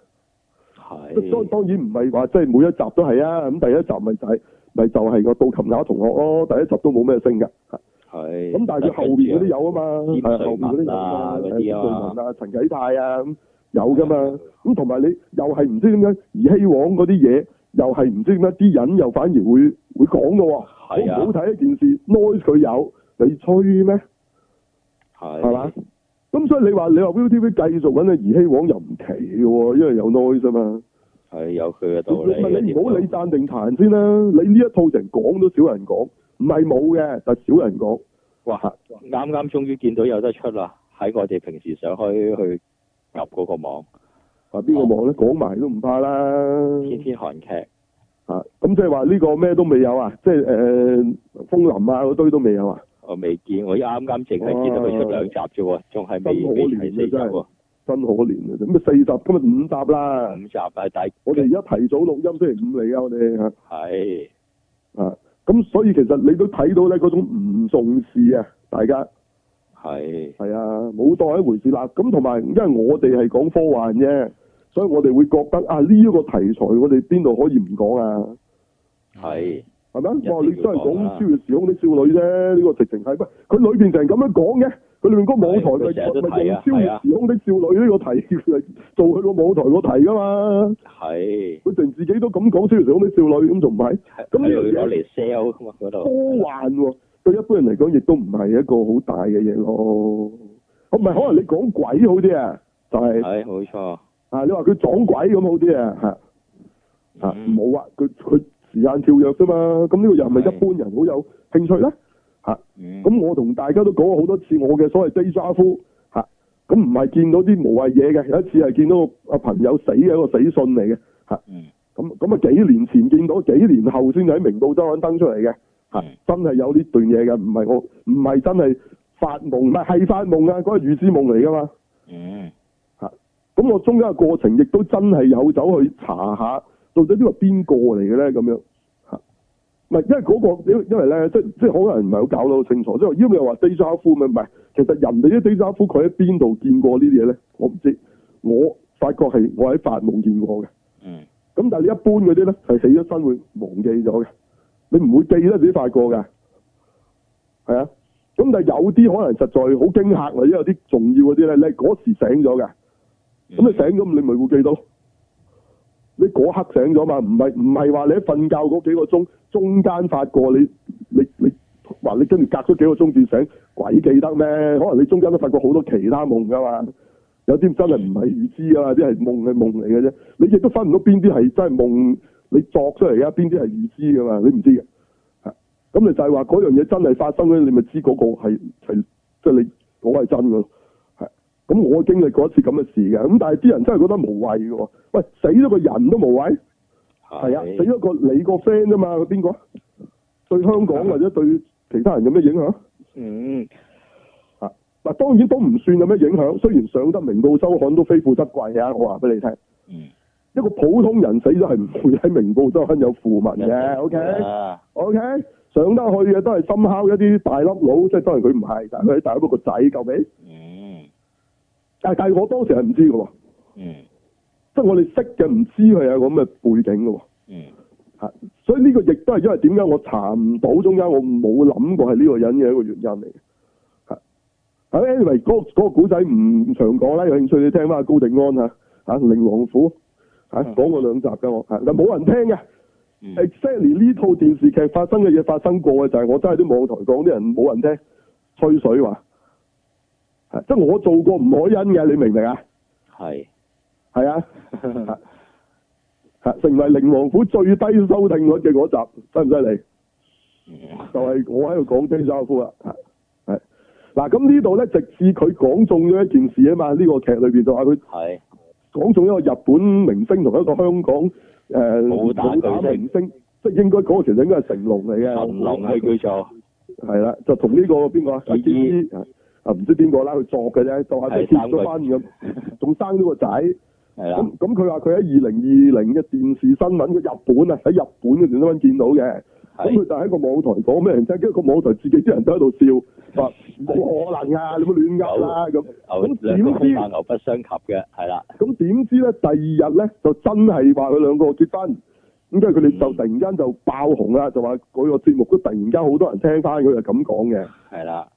係。當當然唔係話即係每一集都係啊，咁第一集咪就係、是、咪就係個杜琴雅同學咯，第一集都冇咩升㗎嚇係咁，但係佢後邊嗰啲有啊嘛，後邊嗰啲有啊，陳陳啟泰啊咁有噶嘛。咁同埋你又係唔知點解兒戲王嗰啲嘢，又係唔知點解啲人又反而會會講噶。好唔好睇一件事？noise 佢有你吹咩？係，係嘛？咁所以你話你話 ViuTV 繼續搵嘅兒戲王又唔奇嘅、啊，因為有 noise 啊嘛。係有佢嘅道理。你唔好你讚定彈先啦，你呢、啊、一套人講都少人講。唔係冇嘅，但、就、少、是、人講。哇！啱啱終於見到有得出啦，喺我哋平時上開去入嗰個網，話邊個網咧？講埋都唔怕啦。天天韓劇。啊，咁即係話呢個咩都未有啊？即係誒，楓、呃、林啊嗰堆都未有啊？我未見，我啱啱淨係見到佢出兩集啫，仲係未未睇四集。真可憐啊！咁啊，啊，啊四集，今日五集啦。五集啊！但係我哋而家提早錄音，星期五嚟啊！我哋係啊。咁所以其實你都睇到咧嗰種唔重視啊，大家係係啊冇當一回事啦。咁同埋因為我哋係講科幻啫，所以我哋會覺得啊呢一個題材我哋邊度可以唔講啊？係係咪？哇你都係講諸嘅時空啲少女啫，呢個直情係不佢裏邊就係咁樣講嘅。佢連個舞台咪咪、啊就係、超越時空的少女呢個題嚟、啊、做佢個舞台個題噶嘛？係。佢成自己都咁講超越時空的少女，咁仲唔係？咁呢樣嘢嚟 sell 㗎嘛？度科幻、啊、係嘅，對一般人嚟講，亦都唔係一個好大嘅嘢咯。唔係可能你講鬼好啲啊？就係、係、係，冇錯。啊，你話佢撞鬼咁好啲啊？係。啊，冇、嗯、啊！佢佢時間跳躍啫嘛。咁呢個又唔係一般人好有興趣咧。吓、嗯，咁我同大家都講過好多次我嘅所謂低渣夫，吓，咁唔係見到啲無謂嘢嘅，有一次係見到個阿朋友死嘅一個死訊嚟嘅，吓、嗯，咁咁啊幾年前見到，幾年後先就喺《明報周刊》登出嚟嘅，嗯嗯，真係有呢段嘢嘅，唔係我唔係真係發夢，唔係係發夢啊，嗰個預知夢嚟噶嘛，嗯，吓、嗯，咁我中間嘅過程亦都真係有走去查下，到底呢個邊個嚟嘅咧咁樣。唔係、那個，因為嗰個，因因為咧，即即好多人唔係好搞得到清楚，即係，如果又話 déjà vu 咪唔係，其實人哋啲 déjà vu，佢喺邊度見過這些呢啲嘢咧？我唔知，我發覺係我喺發夢見過嘅。嗯。咁但係你一般嗰啲咧，係死咗身會忘記咗嘅，你唔會記得自己發過嘅。係啊。咁但係有啲可能實在好驚嚇，或者有啲重要嗰啲咧，你嗰時醒咗嘅，咁你醒咗，你咪會記到。你嗰刻醒咗嘛？唔係唔係話你喺瞓覺嗰幾個鐘。中間發過你你你，話你跟住隔咗幾個鐘至醒，鬼記得咩？可能你中間都發過好多其他夢噶嘛，有啲真係唔係預知噶啦，啲係夢係夢嚟嘅啫。你亦都分唔到邊啲係真係夢，你作出嚟啊？邊啲係預知噶嘛？你唔知嘅，啊，咁你就係話嗰樣嘢真係發生咧，你咪知嗰個係係即係你嗰係真噶咯，係。咁我經歷過一次咁嘅事嘅，咁但係啲人真係覺得無謂嘅，喂死咗個人都無謂。係啊，死咗個你個 friend 嘛，佢邊個？對香港或者對其他人有咩影響？嗯。啊，嗱，當然都唔算有咩影響。雖然上得明報周刊都非富則貴啊，我話俾你聽。嗯。一個普通人死咗係唔會喺明報周刊有訃聞嘅，O K O K。嗯 okay? Okay? Yeah. Okay? 上得去嘅都係深敲一啲大粒佬，即係當然佢唔係，但係佢但大粒個仔究竟？嗯。但係、嗯啊、但係我當時係唔知嘅喎。嗯。即我哋識嘅唔知佢有咁嘅背景噶喎，嗯，吓、啊，所以呢個亦都係因為點解我查唔到中間，我冇諗過係呢個人嘅一個原因嚟嘅，吓、啊，係、anyway, 咪、那個？嗰、那、嗰個古仔唔長講啦，有興趣你聽翻《高定安》吓、啊，吓《靈王府》啊，吓、啊、講過兩集噶我，吓、啊、但冇人聽嘅、嗯、，exactly 呢套電視劇發生嘅嘢發生過嘅，就係、是、我真係啲網台講啲人冇人聽，吹水話，即、啊、即我做過唔可因嘅，你明唔明啊？係。係啊， 成為寧王府最低收聽率嘅嗰集，犀唔犀利？ 就係我喺度講張首富啦，係、啊，嗱咁呢度咧，直至佢講中咗一件事啊嘛，呢、這個劇裏邊就話佢係講中一個日本明星同一個香港誒武、呃、打，打明星，即係應該嗰、那個其實應該係成龍嚟嘅，成龍係叫做係啦、啊，就同呢、這個邊個啊？李治啊，唔知邊、啊啊個啦，佢作嘅啫，做下都翻婚咁，仲生咗個仔。咁咁佢話佢喺二零二零嘅電視新聞，佢日本啊喺日本嘅電視新聞見到嘅，咁佢就喺個網台講咩人啫？跟住個網台自己啲人都喺度笑，話冇可能啊！你咪亂噏啦咁。咁點知牛牛不相及嘅，係啦。咁點知咧？第二日咧就真係話佢兩個結婚，咁跟住佢哋就突然間就爆紅啦，就話嗰個節目都突然間好多人聽翻，佢係咁講嘅。係啦。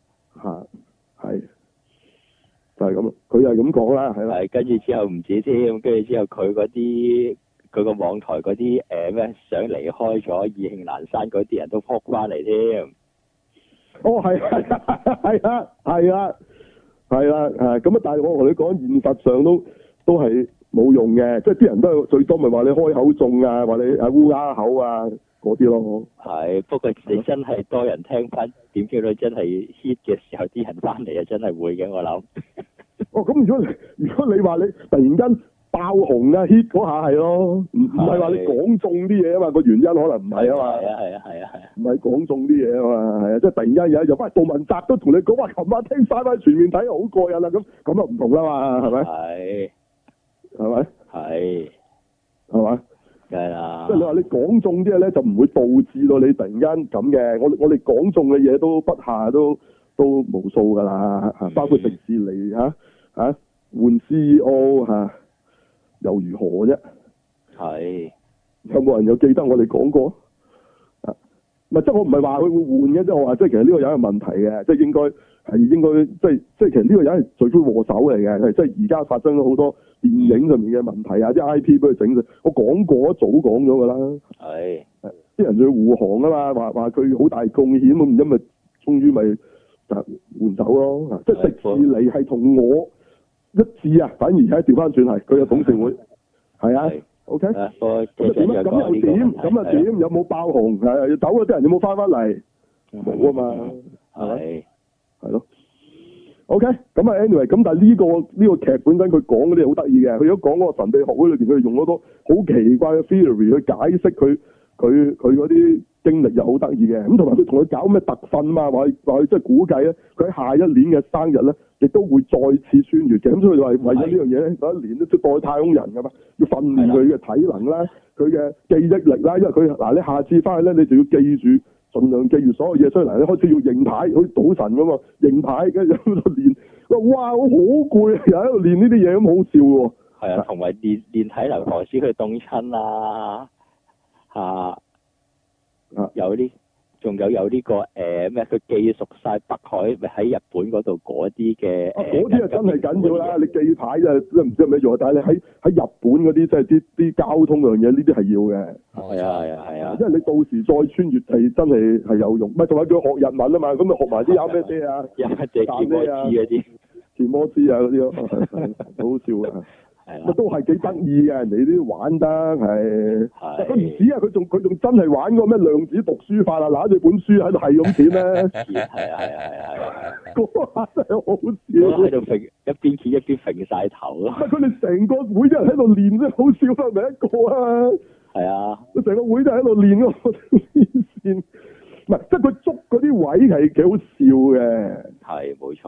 係咁，佢係咁講啦，係咪？跟住之後唔止添，跟住之後佢嗰啲，佢個網台嗰啲，誒、呃、咩？想離開咗意興闌珊嗰啲人都撲翻嚟添。哦，係啊，係啊，係啊，係啦，係咁啊！但係我同你講，現實上都都係冇用嘅，即係啲人都係最多咪話你開口中啊，話你阿烏鴉口啊。嗰啲咯，係。不過你真係多人聽翻，點知咧真係 hit 嘅時候，啲人翻嚟啊，真係會嘅。我諗。哦，咁如果如果你話你突然間爆紅啊 hit 嗰下係咯，唔唔係話你講中啲嘢啊嘛，個原因可能唔係啊嘛。係啊係啊係啊係。唔係講中啲嘢啊嘛，係啊，即係突然間有一日，喂，杜汶澤都同你講話，琴晚聽晒翻全面睇，好過癮啦，咁咁啊唔同啦嘛，係咪？係。係咪？係。係咪？係啊，即係你話你講中啲嘢咧，就唔會導致到你突然間咁嘅。我我哋講中嘅嘢都不下都都無數噶啦，包括迪士尼吓吓換 C E O 吓，又如何啫？係有冇人有記得我哋講過啊？係即係我唔係話佢會換嘅，即係我話即係其實呢個有有問題嘅，即係應該。係應該即係即係，其實呢個人係罪魁禍首嚟嘅。即係而家發生咗好多電影上面嘅問題啊，啲 I P 俾佢整。我講過一早講咗噶啦。係。啲人去護航啊嘛，話話佢好大貢獻，唔咁咪終於咪就換走，啊，咯。是即係迪士尼係同我一致啊，反而而家調翻轉係佢嘅董事會。係啊。O K。點啊？咁又點？咁啊？點？有冇爆紅？係走嗰啲人有冇翻翻嚟？冇啊嘛。係。係咯，OK，咁啊，anyway，咁但係、呢、呢個呢、呢個劇本身佢講嗰啲好得意嘅，佢如果講嗰個神秘學會裏邊，佢用咗好多好奇怪嘅 theory 去解釋佢佢佢嗰啲經歷又好得意嘅，咁同埋佢同佢搞咩特訓啊，話佢話佢即係估計咧，佢喺下一年嘅生日咧，亦都會再次穿越嘅，咁所以為為咗呢樣嘢咧，嗰一年咧都帶太空人噶嘛，要訓練佢嘅體能啦，佢嘅記憶力啦，因為佢嗱你下次翻去咧，你就要記住。盡量記住所有嘢，出嚟，嗱，你開始要認牌，去賭神噶嘛，認牌，跟住喺度練，哇，我好攰，又喺度練呢啲嘢，咁好笑喎。係啊，同埋練練體能，何止去凍親啊？吓、啊，有啲。仲有有、這、呢個誒咩？佢、呃、記熟晒北海咪喺日本嗰度嗰啲嘅嗰啲啊真係緊要啦！你記曬真係唔知有咩用。但係你喺喺日本嗰啲即係啲啲交通樣嘢呢啲係要嘅。係、哦、啊係啊係啊，因為你到時再穿越地真係係有用。唔係，仲係要學日文啊嘛？咁咪學埋啲有咩啲啊是？日文啲啊，啲喬摩， 摩斯啊嗰啲，好好笑啊！ 都係幾得意嘅，人哋啲玩得係，佢唔止啊，佢仲佢仲真係玩過咩量子讀書法啊，拿住本書喺度係咁練咧，係啊係啊係啊係啊，嗰下真係好笑是，喺一邊揭一邊揈晒頭咯，係佢哋成個會都喺度練啫，好笑！得係咪一個啊？係啊，成個會都喺度練咯，黐線。 唔係，即係佢捉嗰啲位係幾好笑嘅，係冇錯。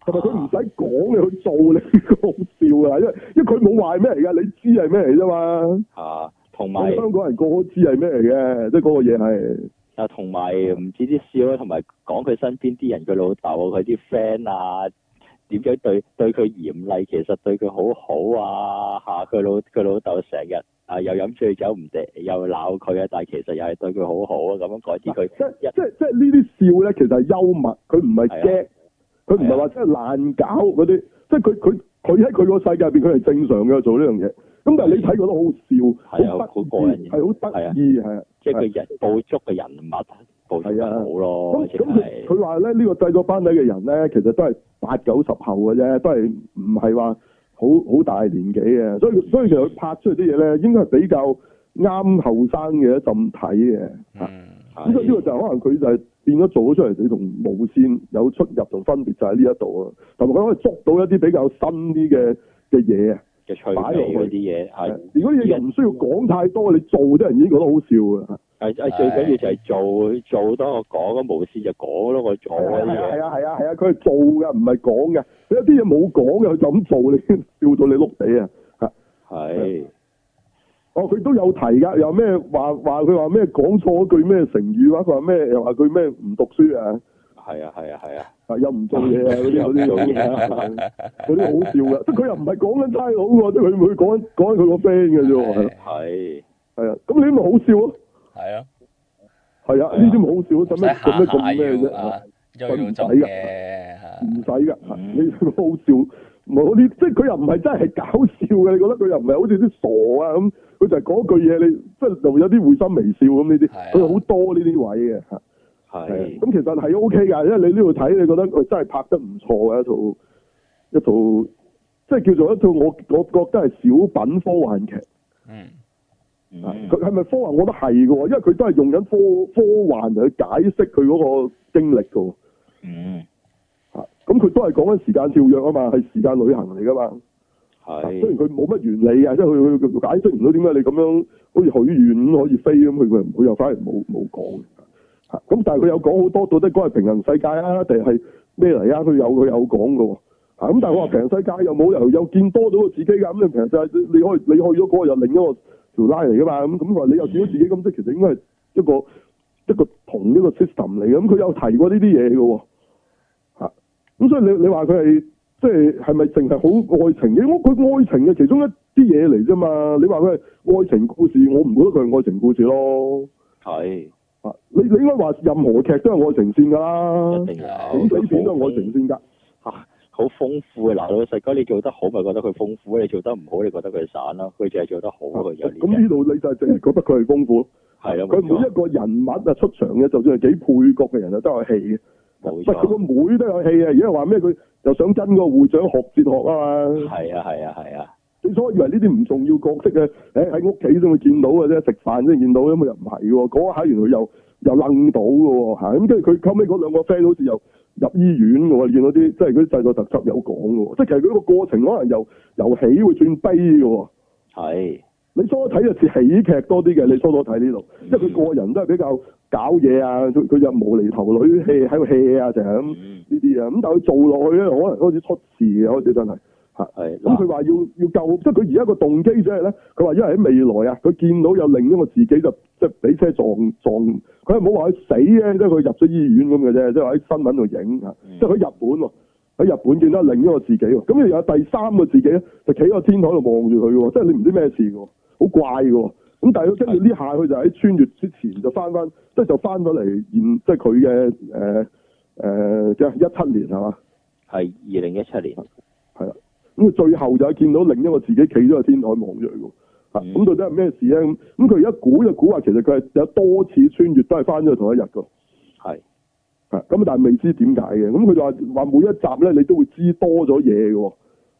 同埋佢唔使講你去做，你覺得好笑啊！因為因為佢冇話咩嚟㗎，你知係咩嚟啫嘛。嚇、啊，同埋香港人，個個知係咩嚟嘅，即係嗰個嘢係。他他啊，同埋唔止啲笑啊，同埋講佢身邊啲人，佢老豆啊，佢啲 friend 啊。點解對對佢嚴厲，其實對佢好好啊吓！佢、啊、老佢老豆成日啊又飲醉酒唔食，又鬧佢啊，啊，啊，啊，啊，但係其實又係對佢好好啊，咁樣改啲佢。即即即呢啲笑咧，其實係幽默，佢唔係驚，佢唔係話即係難搞嗰啲，即係佢佢佢喺佢個世界入邊，佢係正常嘅做呢樣嘢。咁但係你睇覺得好笑，好得意，係好得意，係啊，啊，啊，啊，即係佢人捕捉嘅人物。係啊，好咯。咁佢佢話咧，呢、呢個製作班底嘅人咧，其實都係八九十後嘅啫，都係唔係話好好大年紀嘅。所以、嗯、所以其實佢拍出嚟啲嘢咧，應該係比較啱後生嘅一陣睇嘅。嗯。咁、啊、呢個就係可能佢就係變咗做咗出嚟，你同無線有出入同分別就喺呢一度啊。同埋佢可以捉到一啲比較新啲嘅嘅嘢啊，擺落去啲嘢係。如果你又唔需要講太多，你做啲人已經覺得好笑嘅。嗯係最緊要就係做做多我講，咁無綫就講囉。我做嘢。係啊係啊係啊，佢係、啊啊啊啊、做噶，唔係講㗎。佢有啲嘢冇講嘅，佢就咁做你，笑到你碌地啊！係。哦，佢都有提噶，又咩話話佢話咩講錯句咩成語話，佢話咩又話佢咩唔讀書啊？係啊係啊係啊，又唔做嘢啊嗰啲嗰啲樣嘢啲好笑噶。即 佢又唔係講緊差佬噶，即佢佢講緊講緊佢個 friend 嘅啫。係係啊，咁、啊、你咪好笑咯！係咯，係啊，呢、啊、啲好笑，使咩咁咩咩啫？唔使嘅，唔使嘅，你、啊啊啊啊啊啊嗯、好笑冇啲，即係佢又唔係真係搞笑嘅，你覺得佢又唔係好似啲傻啊咁，佢就係講句嘢，你即係就有啲會心微笑咁呢啲，佢好、啊、多呢啲位嘅吓，係、啊，咁、啊啊啊啊啊、其實係 O K 噶，因為你呢度睇，你覺得佢真係拍得唔錯嘅一套，一套即係、就是、叫做一套我我覺得係小品科幻劇，嗯。佢係咪科幻？我覺得係嘅，因為佢都係用緊科科幻嚟去解釋佢嗰個經歷嘅。嗯，吓咁佢都係講緊時間跳躍啊嘛，係時間旅行嚟噶嘛。係、啊、雖然佢冇乜原理啊，即係佢佢解釋唔到點解你咁樣好似許願可以飛咁，佢佢又反而冇冇講咁、啊、但係佢有講好多，到底嗰係平行世界啊，定係咩嚟啊？佢有佢有講嘅。咁但係我話平行世界又冇又又見多咗個自己噶，咁你平行世界你可以你去咗嗰個又另一個。條拉嚟噶嘛？咁、嗯、咁，你又照到自己咁，即其實應該係一個一個同一個 system 嚟嘅。咁佢有提過呢啲嘢嘅，嚇、啊、咁所以你你話佢係即係係咪淨係好愛情嘅？我佢愛情嘅其中一啲嘢嚟啫嘛。你話佢係愛情故事，我唔覺得佢係愛情故事咯。係啊，你你應該話任何劇都係愛情線㗎啦。一定啊，咁呢片都係愛情線㗎。嗯嗯好豐富嘅嗱，老實講，你做得好咪覺得佢豐富，你做得唔好你覺得佢散咯。佢淨係做得好，佢咁呢度你就淨係覺得佢係豐富咯。係，佢每一個人物啊出場嘅，就算係幾配角嘅人啊都有戲嘅。冇錯，不，佢個妹，妹都有戲啊，而家話咩？佢又想跟個會長學哲學啊嘛。係啊係啊係啊！你所以，以為呢啲唔重要角色嘅，喺屋企都會見到嘅啫，食飯先見到，咁咪又唔係喎？嗰下原來又又楞到嘅喎嚇，咁跟住佢後尾嗰兩個 friend 好似又。入醫院，我見到啲即係嗰啲製作特輯有講嘅，即係其實佢個過程可能由由喜會轉悲嘅。係，你初睇就似喜劇多啲嘅，你初初睇呢度，即係佢個人都係比較搞嘢啊，佢又無厘頭女戲喺度 hea 啊，就咁呢啲啊，咁、嗯、但係佢做落去咧，可能開始出事啊，開始真係嚇。係，咁佢話要要救，即係佢而家個動機即係咧，佢話因為喺未來啊，佢見到有另一個自己就。即係俾車撞撞，佢係唔好話佢死嘅，即係佢入咗醫院咁嘅啫，即係喺新聞度影，嗯、即係喺日本喎，喺日本見到另一個自己，咁又有第三個自己咧，就企喺個天台度望住佢，即係你唔知咩事嘅，好怪嘅，咁但係跟住呢下佢就喺穿越之前就翻翻，即係就翻咗嚟現，即係佢嘅誒誒嘅一七年係嘛，係二零一七年，係啦，咁佢最後就係見到另一個自己企咗個天台望住佢。咁、嗯、到底係咩事咧？咁咁佢而家估就估話，其實佢係有多次穿越，都係翻咗同一日噶。係咁但係未知點解嘅。咁佢就話話每一集咧，你都會知多咗嘢嘅。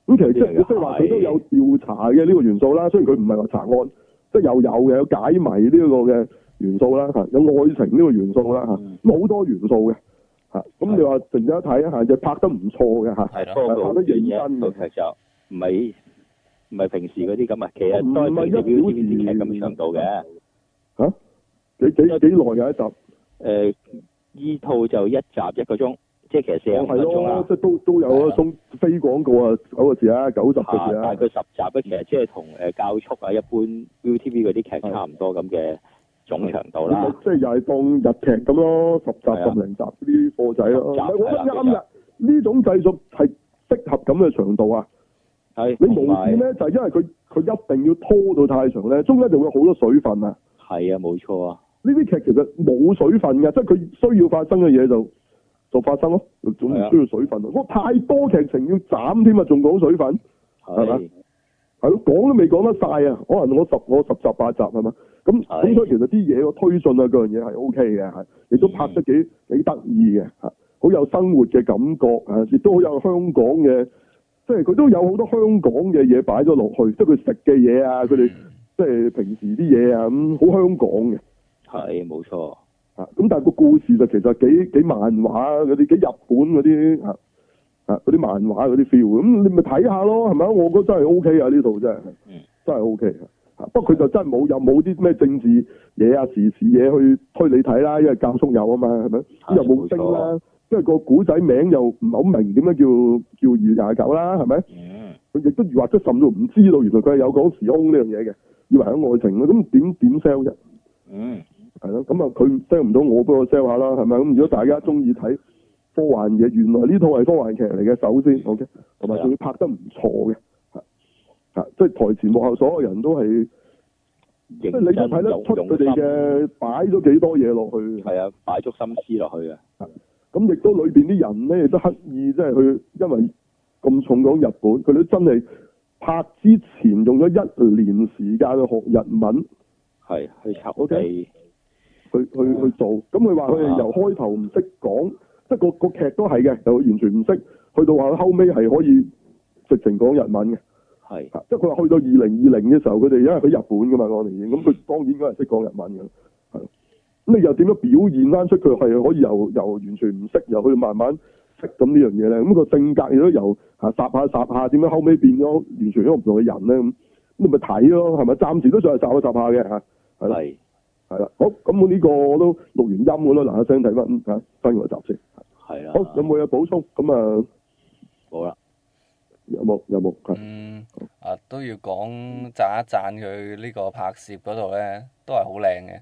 咁其實、就是、即係即係話，佢都有調查嘅呢個元素啦。雖然佢唔係話查案，即係又有嘅有，有解謎呢個嘅元素啦。吓，有愛情呢個元素啦。吓，好、嗯、多元素嘅。吓，咁你話成日一睇下，就是、拍得唔錯嘅吓，拍得認真。其實就美、是。唔係平時嗰啲咁啊，其實都係代表電視劇咁長度嘅。嚇、啊？幾幾幾耐有一集？誒、呃，呢套就一集一個鐘，即係其實四廿分鐘啦。係、哦、即係都都有啊，充非廣告啊，九個字啊，九十個字啊，啊。大概十集咧、啊，其實即係同誒交速啊，一般 ViuTV 嗰啲劇差唔多咁嘅總長度啦、啊。即係又係當日劇咁咯，十集十零集嗰啲貨仔咯、啊。唔係、啊、我啱嘅，呢種製作係適合咁嘅長度啊。你無綫咧就係、是，因為佢佢一定要拖到太長咧，中間就會好多水分啊。係啊，冇錯啊。呢啲劇其實冇水分嘅，即係佢需要發生嘅嘢就就發生咯，就總唔需要水分。我、啊、太多劇情要斬添啊，仲講水分，係咪、啊？係咯、啊，講都未講得晒啊。可能我十我十集八集係嘛？咁咁、啊、所以其實啲嘢個推進啊、OK，嗰樣嘢係 O K 嘅，亦都拍得幾幾得意嘅，吓、嗯、好有，有生活嘅感覺啊，亦都好有香港嘅。即係佢都有好多香港嘅嘢擺咗落去，即係佢食嘅嘢啊，佢哋即係平時啲嘢啊咁，好香港嘅。係冇錯啊！咁但係個故事就其實幾幾漫畫嗰啲，幾日本嗰啲啊啊嗰啲漫畫嗰啲 feel，咁你咪睇下咯，係咪？我覺得真係 O K 啊，呢套真係、嗯、真係 O K。不過佢就真係冇有冇啲咩政治嘢啊、時事嘢去推你睇啦，因為教叔有啊嘛，係咪？又冇聲啦。即係個古仔名又唔好明，點解叫叫二月廿九啦，係咪？佢亦都畫得甚至唔知道，原來佢係有講時空呢樣嘢嘅，以為喺愛情，咁點點 sell 啫？係咯。咁啊，佢 sell 唔到我我，我俾我 sell 下啦，係咪？咁如果大家中意睇科幻嘢，原來呢套係科幻劇嚟嘅，首先、mm. OK，同埋佢拍得唔錯嘅，即係台前幕後，所有人都係即係你睇得出佢哋嘅，擺咗幾多嘢落去，係啊，擺足心思落去咁亦都裏面啲人咧亦都刻意即係去，因為咁重講日本，佢哋都真係拍之前用咗一年時間去學日文，係去求 O K 去去去做。咁佢話佢哋由開頭唔識講，即係個個劇都係嘅，就完全唔識，去到話後尾係可以直情講日文嘅。係，即係佢話去到二零二零嘅時候，佢哋因為喺日本噶嘛，我哋咁佢當然應該係識講日文嘅。咁你又點樣表現翻出佢係可以由由完全唔識，又去慢慢識咁呢樣嘢咧？咁個性格亦都由嚇霎下霎下，點樣後尾變咗完全一個唔同嘅人咧？咁你咪睇咯，係咪？暫時都仲係霎下霎下嘅嚇。係啦，係啦。好，咁呢個我都錄完音喎，咯，嗱嗱聲睇翻嚇，翻我集先。係啦。好，有冇嘢補充？咁啊，冇啦。有木有木嘅？嗯，啊都要講，贊一贊佢呢個拍攝嗰度咧，都係好靚嘅。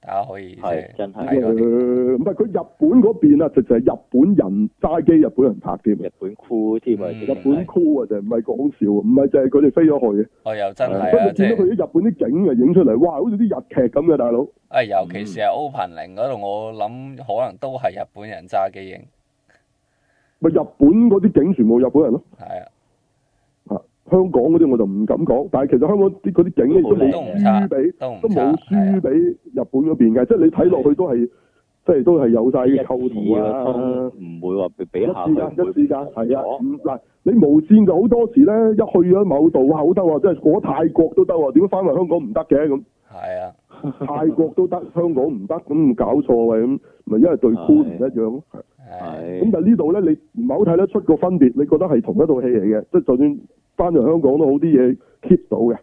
大家可以真係唔係佢日本嗰邊啊，就就係日本人揸機，日本人拍添。日本 crew 添啊！日本 crew 啊，真唔係講笑啊，唔係就係佢哋飛咗去嘅。哦，又真係啊！即係見到佢啲日本啲景啊，影出嚟哇，好似啲日劇咁嘅大佬。誒，尤其是係 opening 嗰度，我諗可能都係日本人揸機影。咪日本嗰啲景全部日本人咯。係啊。香港嗰啲我就唔敢講，但係其實香港啲嗰啲景咧都冇輸俾，都冇輸俾日本嗰邊嘅，即係你睇落去都係，即係都係有晒嘅構圖啊！唔會話比比下一時間一時間係啊，嗱，你、嗯、無線就好多時咧，一去咗某度啊，好得喎，即係過泰國都得喎，點解翻嚟香港唔得嘅咁？係啊，泰國都得， 香港唔得，咁唔搞錯嘅咁，咪因為對觀唔一樣囉。係，咁但係呢度咧，你唔係好睇得出個分別，你覺得係同一套戲嚟嘅，即係就算翻咗香港都好，啲嘢 keep 到嘅，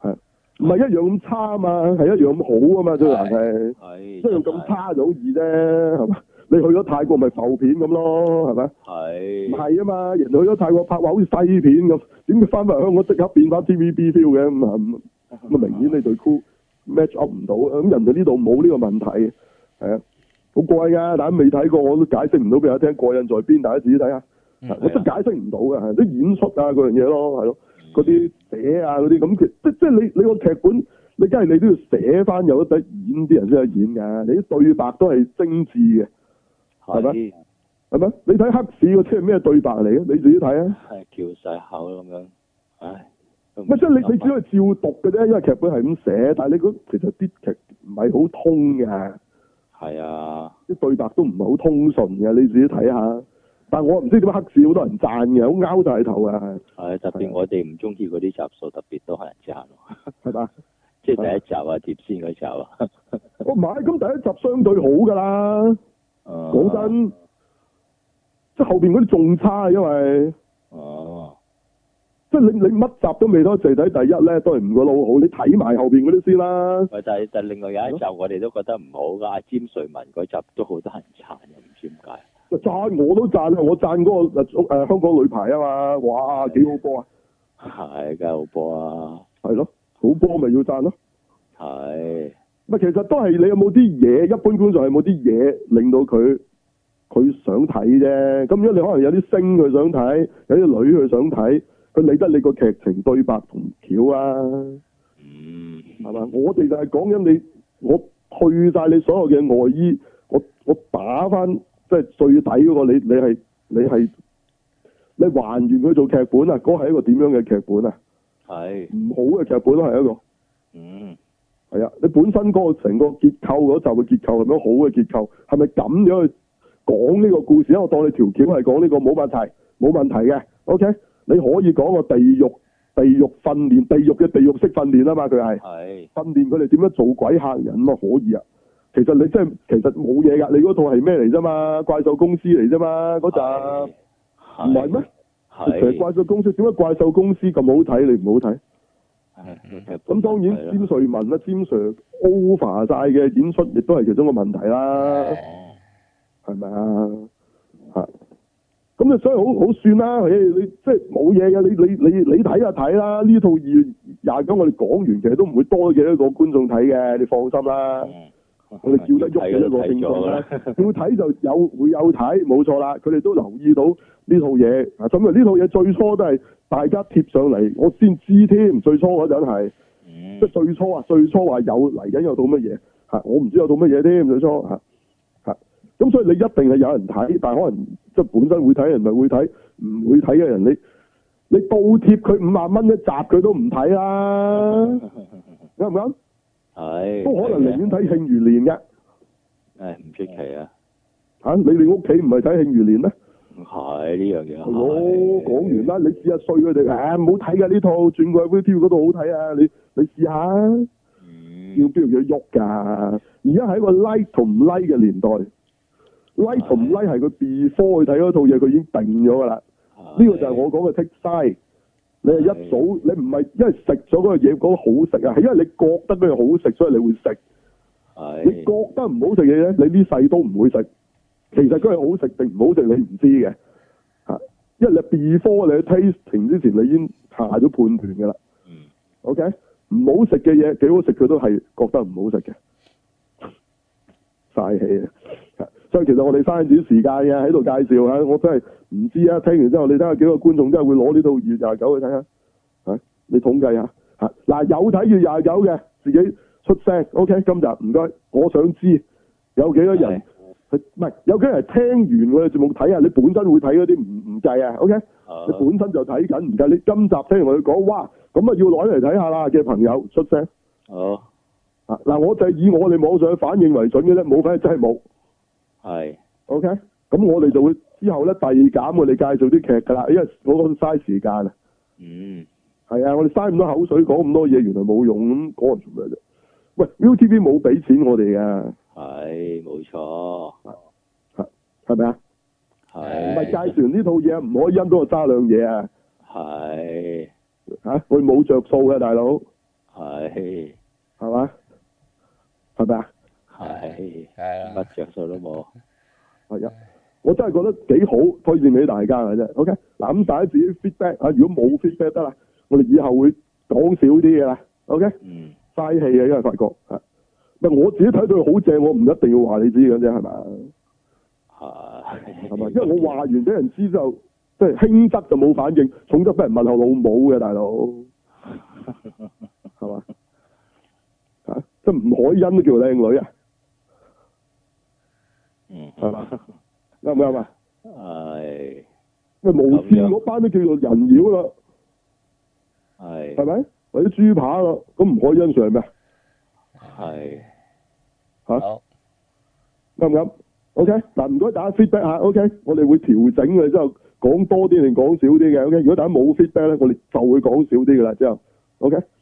係，唔係一樣咁差啊嘛，係一樣咁好啊嘛，最難係，係，一樣咁差就好易啫，係嘛，你去咗泰國咪浮片咁咯，係咪？係，唔係啊嘛，人哋去咗泰國拍話好似細片咁，點解翻翻香港即刻變翻 TVB feel 嘅咁，咁啊明顯你對 cool match up 唔到，咁、嗯、人哋呢度冇呢個問題，係啊。好貴㗎，大家未睇過，我都解釋唔到俾大家聽，過癮在邊？大家自己睇下、嗯，我都解釋唔到㗎，啲演出啊嗰樣嘢咯，係、嗯、咯，嗰啲寫啊嗰啲咁劇，即即係你你個劇本，你梗係你都要寫翻有得演，啲人先有演㗎。你啲對白都係精緻嘅，係咪？係咪？你睇黑市個即係咩對白嚟？嘅？你自己睇啊！係撬曬口咁樣，唉，乜即係你你只可以照讀嘅啫，因為劇本係咁寫，但係你嗰其實啲劇唔係好通㗎。係啊，啲對白都唔係好通順嘅，你自己睇下。但係我唔知點解黑市，好多人讚嘅，好拗大頭嘅。係特別我哋唔中意嗰啲集數，特別都係人讚。係啦，即係第一集啊，貼先嗰集啊。我唔係，咁第一集相對好㗎啦。誒、啊，講真，即係後邊嗰啲仲差、啊，因為。即係你你乜集都未多，具睇第一咧都係唔個老好。你睇埋後邊嗰啲先啦。就係就另外有一集，我哋都覺得唔好。阿詹瑞文嗰集都好多人讚，唔知點解。咪讚我都讚啊！我讚嗰、那個誒、呃、香港女排啊嘛，哇幾好波啊！係，幾好波啊！係咯，好波咪要讚咯。係咪其實都係你有冇啲嘢？一般觀眾係冇啲嘢令到佢佢想睇啫。咁因為你可能有啲星佢想睇，有啲女佢想睇。佢理得你個劇情對白同橋啊嗯，係嘛？我哋就係講緊你，我去晒你所有嘅外衣，我我打翻即係最底嗰個你，你係你係你還原佢做劇本啊嗰係一個點樣嘅劇本啊係唔好嘅劇本都係一個嗯係啊。你本身嗰個成個結構嗰集嘅結構係咪好嘅結構？係咪咁樣去講呢個故事咧？我當你條件係講呢個，冇問題，冇問題嘅。O K。你可以講個地獄、地獄訓練、地獄嘅地獄式訓練啊嘛，佢係，係訓練佢哋點樣做鬼嚇人嘛？可以啊，其實你真係其實冇嘢噶，你嗰套係咩嚟啫嘛，怪獸公司嚟啫嘛，嗰集唔係咩？係其實怪獸公司點解怪獸公司咁好睇？你唔好睇，咁， 當然、 啊、詹瑞文啦，詹 Sir over 晒嘅演出亦都係其中個問題啦，係咪啊？吓。 咁、嗯、就所以好好算啦、啊，你即係冇嘢嘅，你你你你睇下睇啦。呢套二月廿九我哋講完，其實都唔會多幾個觀眾睇嘅，你放心啦。我哋叫得喐嘅一個正規你要睇就有會有睇，冇 錯啦。佢哋都留意到呢套嘢啊。咁啊，呢套嘢最初都係大家貼上嚟，我先知添。最初嗰陣係即係最初啊，最初話有嚟緊，有到乜嘢我唔知，有到乜嘢添，最初咁，所以你一定係有人睇，但可能。即本身會睇人咪會睇，唔會睇嘅人你你倒貼佢五萬蚊一集佢都唔睇啦，啱唔啱？係 都也不 可能寧願睇《慶餘年》嘅，誒唔出奇啊！嚇、啊、你哋屋企唔係睇《慶餘年》咩？ 唔係呢樣嘢，我講完啦，你試下勸佢哋誒唔好睇嘅呢套，轉過去 ViuTV 嗰度好睇啊！你你試下，要邊樣喐㗎？而家喺個 like 同唔 like 嘅年代。like 同唔 like 係佢 before 去睇嗰套嘢，佢已經定咗噶啦。呢個就係我講嘅 take side。你係一早、Aye、你唔係因為食咗嗰樣嘢覺得好食啊，係因為你覺得佢好食，所以你會食。係你覺得唔好食嘅嘢你啲世都唔會食。其實佢係好食定唔好食，你唔知嘅。吓，因為你 before，你喺 tasting 之前，你已經下咗判斷噶啦。嗯、mm. okay?OK，唔好食嘅嘢幾好食，佢都係覺得唔好食嘅。晒氣啊！所以其實我哋嘥少時間嘅喺度介紹啊！我真係唔知啊。聽完之後，你睇下幾個觀眾真係會攞呢套月29看看《二月廿九》去睇下。嚇！你統計下嚇嗱、啊，有睇《二月廿九》嘅自己出聲。OK，今集唔該，我想知有幾多人？唔係有幾多人聽完我哋節目睇啊？你本身會睇嗰啲唔唔計啊？OK，、uh -huh. 你本身就睇緊唔計。你今集聽完我哋講，哇！咁啊要攞嚟睇下啦，嘅朋友出聲。好、uh -huh. 啊！嗱，我就以我哋網上反應為準嘅啫，冇計真係冇。係，OK，咁我哋就會之後咧，遞減我你介紹啲劇噶啦，因為我好嘥時間啊。嗯，係啊，我哋嘥咁多口水講咁多嘢，原來冇用，咁講嚟做咩啫？喂，ViuTV 冇俾錢我哋㗎，係，冇錯。係係咪啊？係唔係？介紹完呢套嘢唔可以因到我揸兩嘢啊？係吓，會冇着數嘅，大佬。係係嘛？係嘛？係、哎，乜着數都冇。係、哎、啊，我真係覺得幾好，推薦俾大家嘅啫。OK，嗱咁大家自己 feedback 啊。如果冇 feedback 得啦，我哋以後會講少啲嘢啦。OK，嗯，嘥氣啊，因為發覺啊，係我自己睇到佢好正，我唔一定要話你知嘅啫，係咪？啊、哎，係嘛？因為我話完俾人知就即係輕則就冇反應，重則俾人問候老母嘅大佬，係 嘛？吓、啊，即係吳海欣都叫做靚女啊！嗯， 係嘛，啱唔啱啊？係 因為無綫嗰班都叫做人妖啦，係，係咪？或者豬扒咯，咁唔可以欣賞咩？係吓，啱唔啱？OK 嗱，唔該大家 feedback 吓。OK，我哋會調整嘅，之後講多啲定講少啲嘅。OK，如果大家冇 feedback 咧，我哋就會講少啲噶啦。之後 OK。